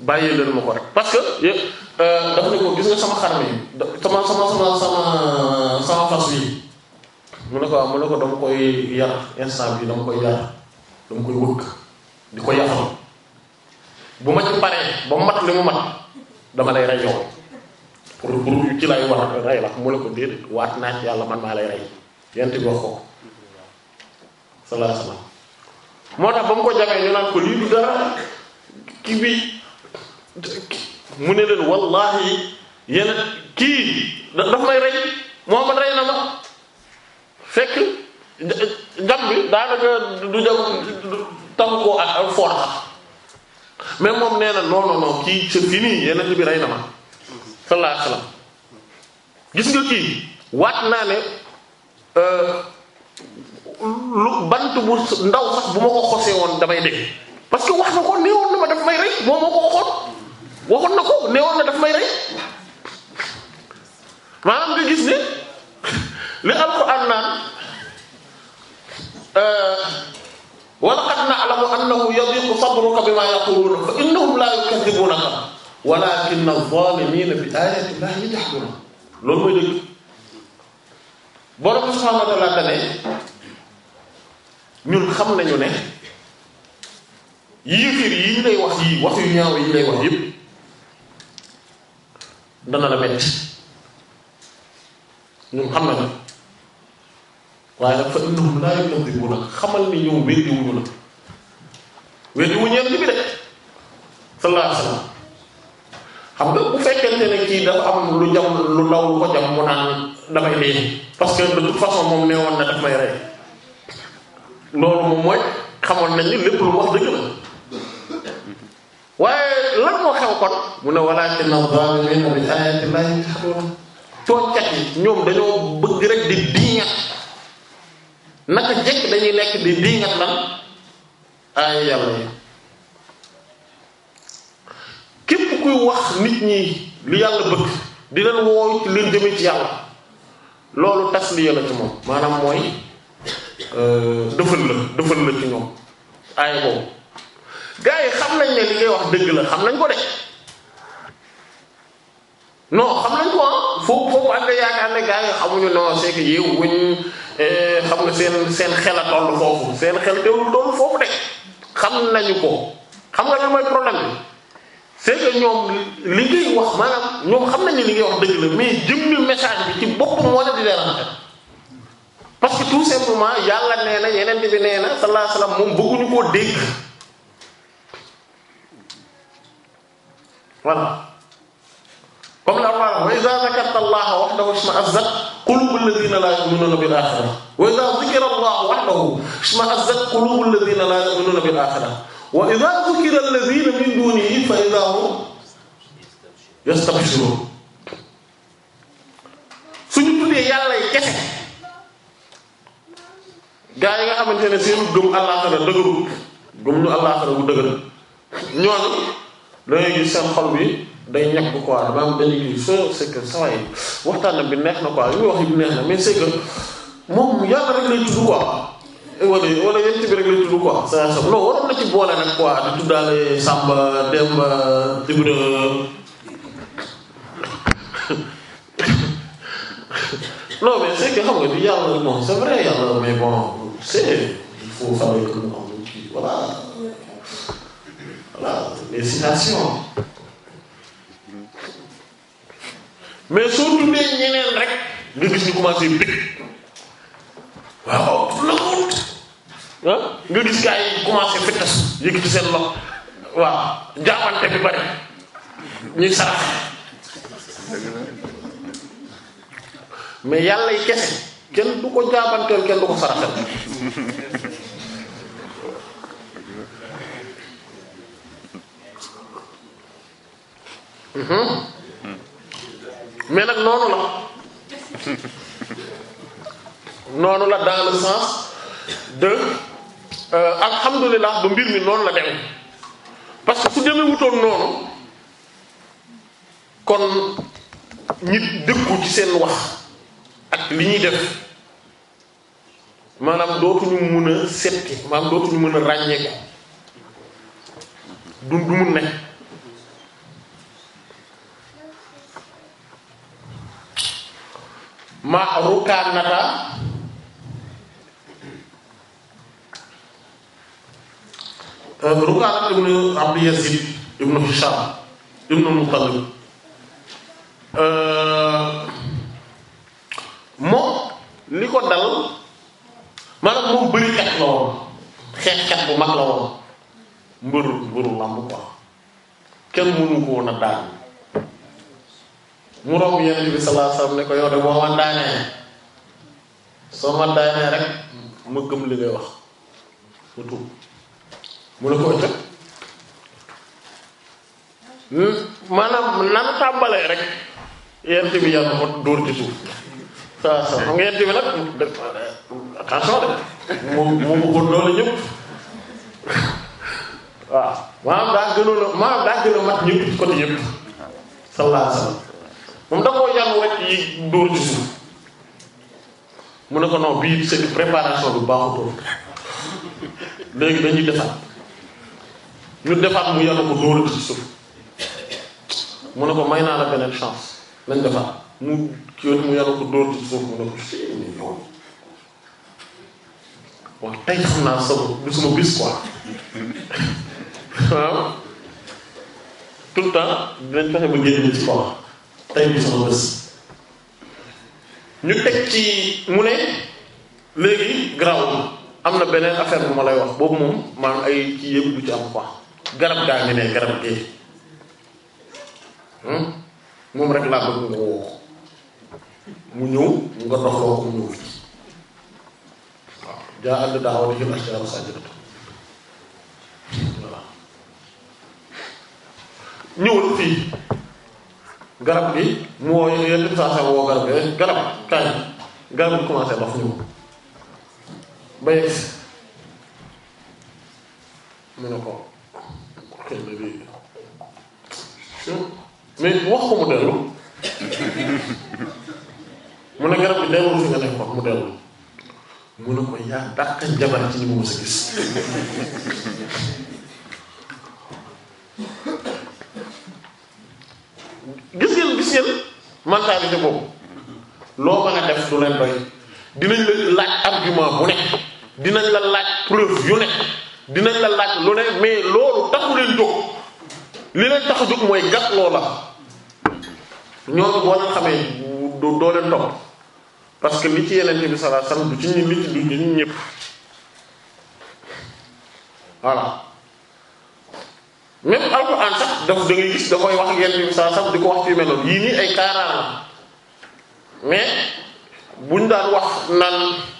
bàyyi leen ma ko rek parce que yëpp euh, dafa ne ko gis nga sama xarme yi sama sama sama sama fas yi mu ne ko waaw mu ne ko dama koy yar instant bi dama koy yar dama koy wëkk di ko yàqal bu ma ci paree ba mat li mu mat dama lay rey yow pour pour ci lay war rey la mu ne ko déedéet waat naa yàlla man maa lay rey yent bi ko sallallahu moo tax ba mu ko jagee ñu naan ko lii du dara kii bi mu ne leen wallahi yéen kii daf may rey Muhammad rey na ma fekk jam bi daanaka du mais moom nee na non non non kii c'est fini na ma sallallahu alayhi naa ne euh, lu bant bu ndaw bu ma ko xosee woon daf may waxoon na ko ne na daf may rey maanaam nga gis ne li alquran naan euh, wa laqad na'lamu annahu yadiqu sadruka bima yaquluna fa innahum la yukadhibunaka walakin adh-dhalimina bi ayati llahi loolu mooy dëgg borom subhanahu wa ta'ala dane ñun xam nañu ne yéeféer yi ñu lay wax yi wax yu ñaaw yi lay wax yépp dana la metti ñun xam na nag waaye nag fa innahum laa yukadibuuna xamal ni ñoom weddi wuñu la weddi wuñu yent bi rek sallallahu alayhi wa sallam xam nga bu fekkente ne kii dafa am lu jam lu ndaw lu ko jam mu naan damay dee parce que de toute façon moom nee woon na daf may rey loolu moom mooy xamoon nañ lépp lu wax dëgg la waaye lan moo xew kon mu ne walaakinna zaalimiina bi aayaati llaahi yajhaduun tooñkat yi ñoom dañoo bëgg rek di diiŋat naka jekk dañuy nekk di diiŋat lan aaya yàlla yi képp kuy wax nit ñi lu yàlla bëgg di leen wooyu leen jëme ci yàlla loolu tasliya la ci moom maanaam mooy euh, dëfal la dëfal la ci ñoom aaya boobu gars yi xam nañ ne li ngay wax dëgg la xam nañ ko de non xam nañ ko ah foofu foofu ak nga ne gars yi eh, xam nga seen seen xel a toll foofu seen xel teewul toll foofu de xam nañu ko xam nga lan mooy problème bi c'est que ñoom li ngay wax maanaam ñoom xam nañ ne li ngay wax dëgg la mais jëmmi message bi ci boppam moo la di déranger parce que tout simplement yàlla nee na yeneen bi nee na sallallahu alayhi wasallam moom bëgguñu koo dégg. voilà comme la Alxuraan wa iza zakarta Allaha wahdahu ishma'azzat qulubu alladhina la yu'minuna bil akhirah wa iza dhukira Allahu wahdahu ishma'azzat qulubu alladhina la yu'minuna bil akhirah wa iza dhukira alladhina min dunihi fa idha hum yastabshirun suñu tuddee yàlla yi kese gaa yi nga xamante ne seen gëm àllaaxira dëgëru gëm ñu àllaaxira bu dëgër ñooñu dangay gis seen xol bi day ñàkk quoi damaa am benn kii soo c'est que saa yi waxtaan bi neex na quoi li muy wax bi neex na mais c'est que moom yàlla rek lay tudd quoi. wala wala yéen sa non waroon na ci boole nag quoi di tuddaale (laughs) xam nga ni yàlla moom c'est vrai yàlla mais bon c'est il faut savoir que voilà les citations mais soo tuddee ñeneen rek nga gis ñu commencé bëgg waaw la woon ah nga gis gars yi commencé fettas yëkkati seen loxo waaw jaabante bi bari ñuy sarax mais yàlla yi kese kenn du ko jaabanteel kenn du ko saraxel Mhm. mais nag noonu la noonu la dans le sens de euh, alhamdulilah ba mbir mi noonu la dem parce que su demee wutoon noonu kon ñi dëkku ci seen wax ak li ñuy def maanaam dootuñu mën a setti maanaam dootuñu mën a ràññee du du mun ne ma rukaanata euh, rukaanat ibnu abdu yazid ibnu hisham ibnu mutalib euh, moom li ko dal maanaam moom bëri kat la woon xeexkat bu mag la woon mbëru mbëru lamb quoi kenn mënu ko woon daan mu romb yeneen bi sallallahu alayhi wasallam ne ko yow de boo ma daanee soo ma daanee rek ma gëm li ngay wax ma tuub mu ne ko ëcc hmm, maanaam nan tàmbalee rek yent bi bi nag def attention de moom moom moom da koo yàgg wàcc yi dóor mu ne ko non bii c'est baax bi baaxutoon léegi dañuy defaat ñu defaat mu yàlla ko dóor ci suuf mu ne ko may naa la beneen chance nañ defaat mu kii mu yàlla ko dóor ci suuf mu ne ko fii waaw tey xam naa sama du sama bis quoi waaw (laughs) tout le temps dinañ fexe ba tey bi sama bés ñu teg ci mu ne léegi garaaw am na beneen affaire bu ma lay wax boobu moom maanaam ay ci yëpp du ci am quoi garab gaa ngi ne garab gee hmm? moom rek laa bëgg nga woo mu ñëw nga doxloo ko mu ñëw fii waaw jaa ànd daaw di jël ashab sajidatu voilà ñëwal fii garab gi moo yenn saa woo garab gi rek garab kaay garab gi commencé dox ñëw ba yegg mu ne ko xëy na lii mu ne garab gi dellu fi nga nekkoon mu dellu mu ne ko yaa dàq jabar ci ni mu mës gis. gis ngeen gis ngeen mentalité boobu loo mën a def du leen doy dinañ la laaj argument bu nekk dinañ la laaj preuve yu nekk dinañ la laaj lu ne mais loolu taxu jóg li leen tax jóg mooy gat la ñoom boo leen xamee doo leen topp parce que li ci yeneen bi sallallahu alayhi wasallam du ci ñi li ci du ci ñëpp même alxuraan sax daf da ngay gis da koy wax yenn bi saa sax di ko wax fi mel yii nii ay kaaraan la mais buñ daan wax naan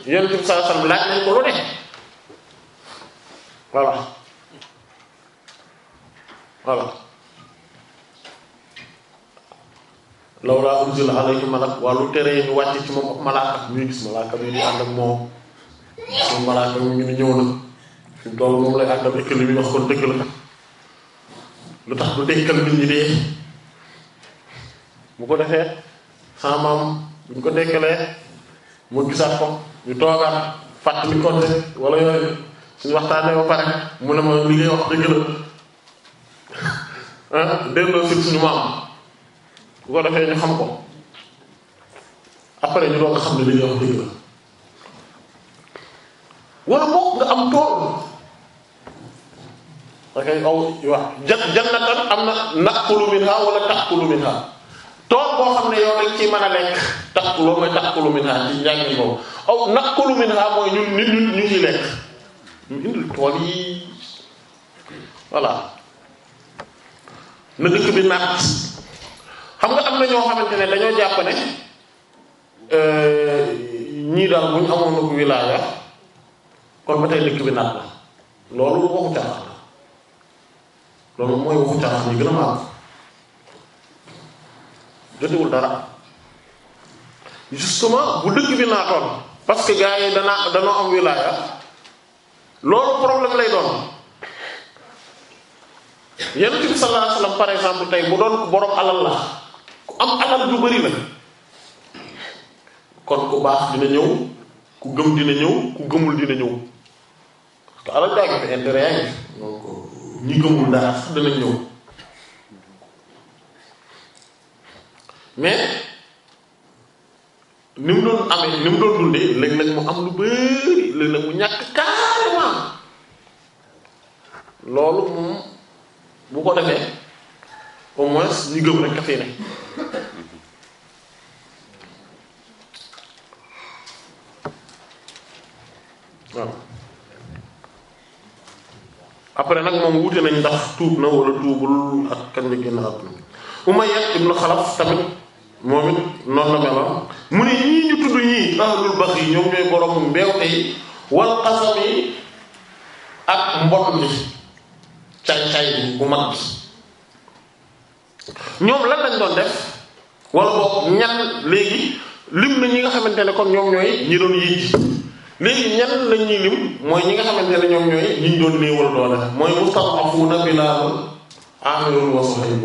yenn bi saa sax laaj nañ ko lu ne voilà voilà lawlaa unzila alayhi malak ñu wàcc ci moom malaaka ñuy gis malaaka mi di ànd ak moom malaaka mi ñu ni ñëw na fi mu moom lay ànd ak équilibre wax kon dëgg la lu tax du dekkal nit ñi dee bu ko defee sama maam ko dekkalee mu gisaat ko ñu toogaat fàttali konte wala yooyu suñu waxtaanee ba pare mu ne ma li wax dëgg la (laughs) ah, delloo suñu maam bu ko defee ñu xam ko après ñu doon xam ne li wax dëgg la wala boog nga am tool akay aw waaw jannatan am na naqulu minha wala taqulu minha tool boo xam ne yow dañ ciy mën a lekk taq loolu mooy taqulu minha ci njàngin boobu aw naqulu ñun ñu lekk ñu indil tool yi voilà na dëkk bi naat xam nga am na ñoo xamante ne dañoo jàpp ne euh, ñii daal buñ amoon na ko wilaaya kon ba tey dëkk bi naat la loolu waxu tax loolu mooy waxu caaxaan yi gën a màgg jotewul dara justement bu dëkk bi naatoon parce que gars yi danaa danoo am wilaya loolu problème lay doon yenn bi sallallahu alayhi wasallam par exemple tey bu doon ku alal la ku am alal ju bari la kon ku baax dina ñëw ku gëm dina ñëw ku gëmul dina ñëw parce alal daa ngi fi intérêt yaa ngi ñi gëmul dara sax danañ mais ni mu doon amee ni mu doon dundee léeg-léeg mu am lu bari léeg-léeg mu ñàkk carrément loolu moom bu ko defee au moins ñi gëm rek kafe ne waaw après nag moom wuute nañ ndax tuub na wala tuubul ak kan la génn àdduna Umayya ibnu Xalaf tamit moom it noonu la meloon ah. mu ne ñii ñu tudd ñii ahlul baxi ñoom ñooy borom mbeewte yi wal xasam yi ak mbot bi caay-caay bi bu mag ñoom lan lañ doon def wala boog ñan léegi lim na ñi nga xamante ne kon ñoom ñooy ñi doon yéeg léegi ñan lañ ñuy lim mooy ñi nga xamante ne ñoom ñooy ñi ñu doon néewal doole mooy mustad'afuna Bilaal aamirun wa Suhayb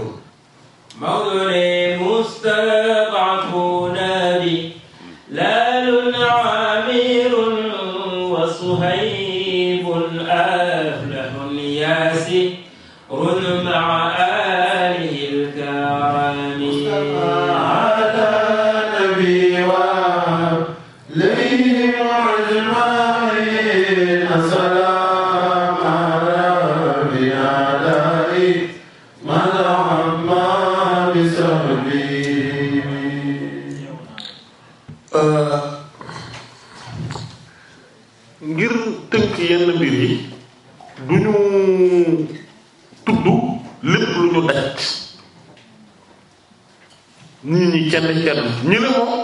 lañ lañ tedd ñu ne moom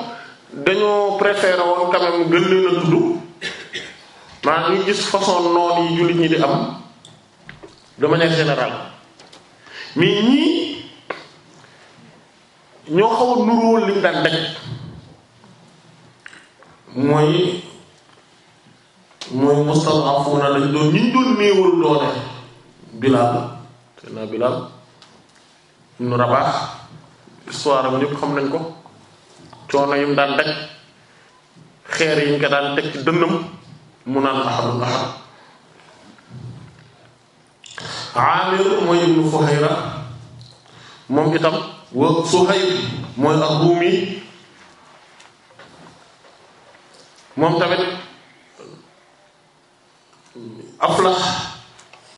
dañoo préféré woon quand même gën leen a tudd maanaam ñu gis façon noon yi jullit ñi di am de manière générale mais ñii ñoo xaw a nuróol liñ daan daj mooy mooy mustad'afuna lañ doon ñu doon néewal doole Bilaal seen naa Bilaal ibnu Rabaah histoire am ñëpp xam nañ ko coono yi mu daan daj xeer yi ñu ko daan teg ci dënnam mu naan ahadun ahad Amir mooy ibnu Fuhayra moom itam wa Suhayb mooy ar-Rumi moom tamit Aflax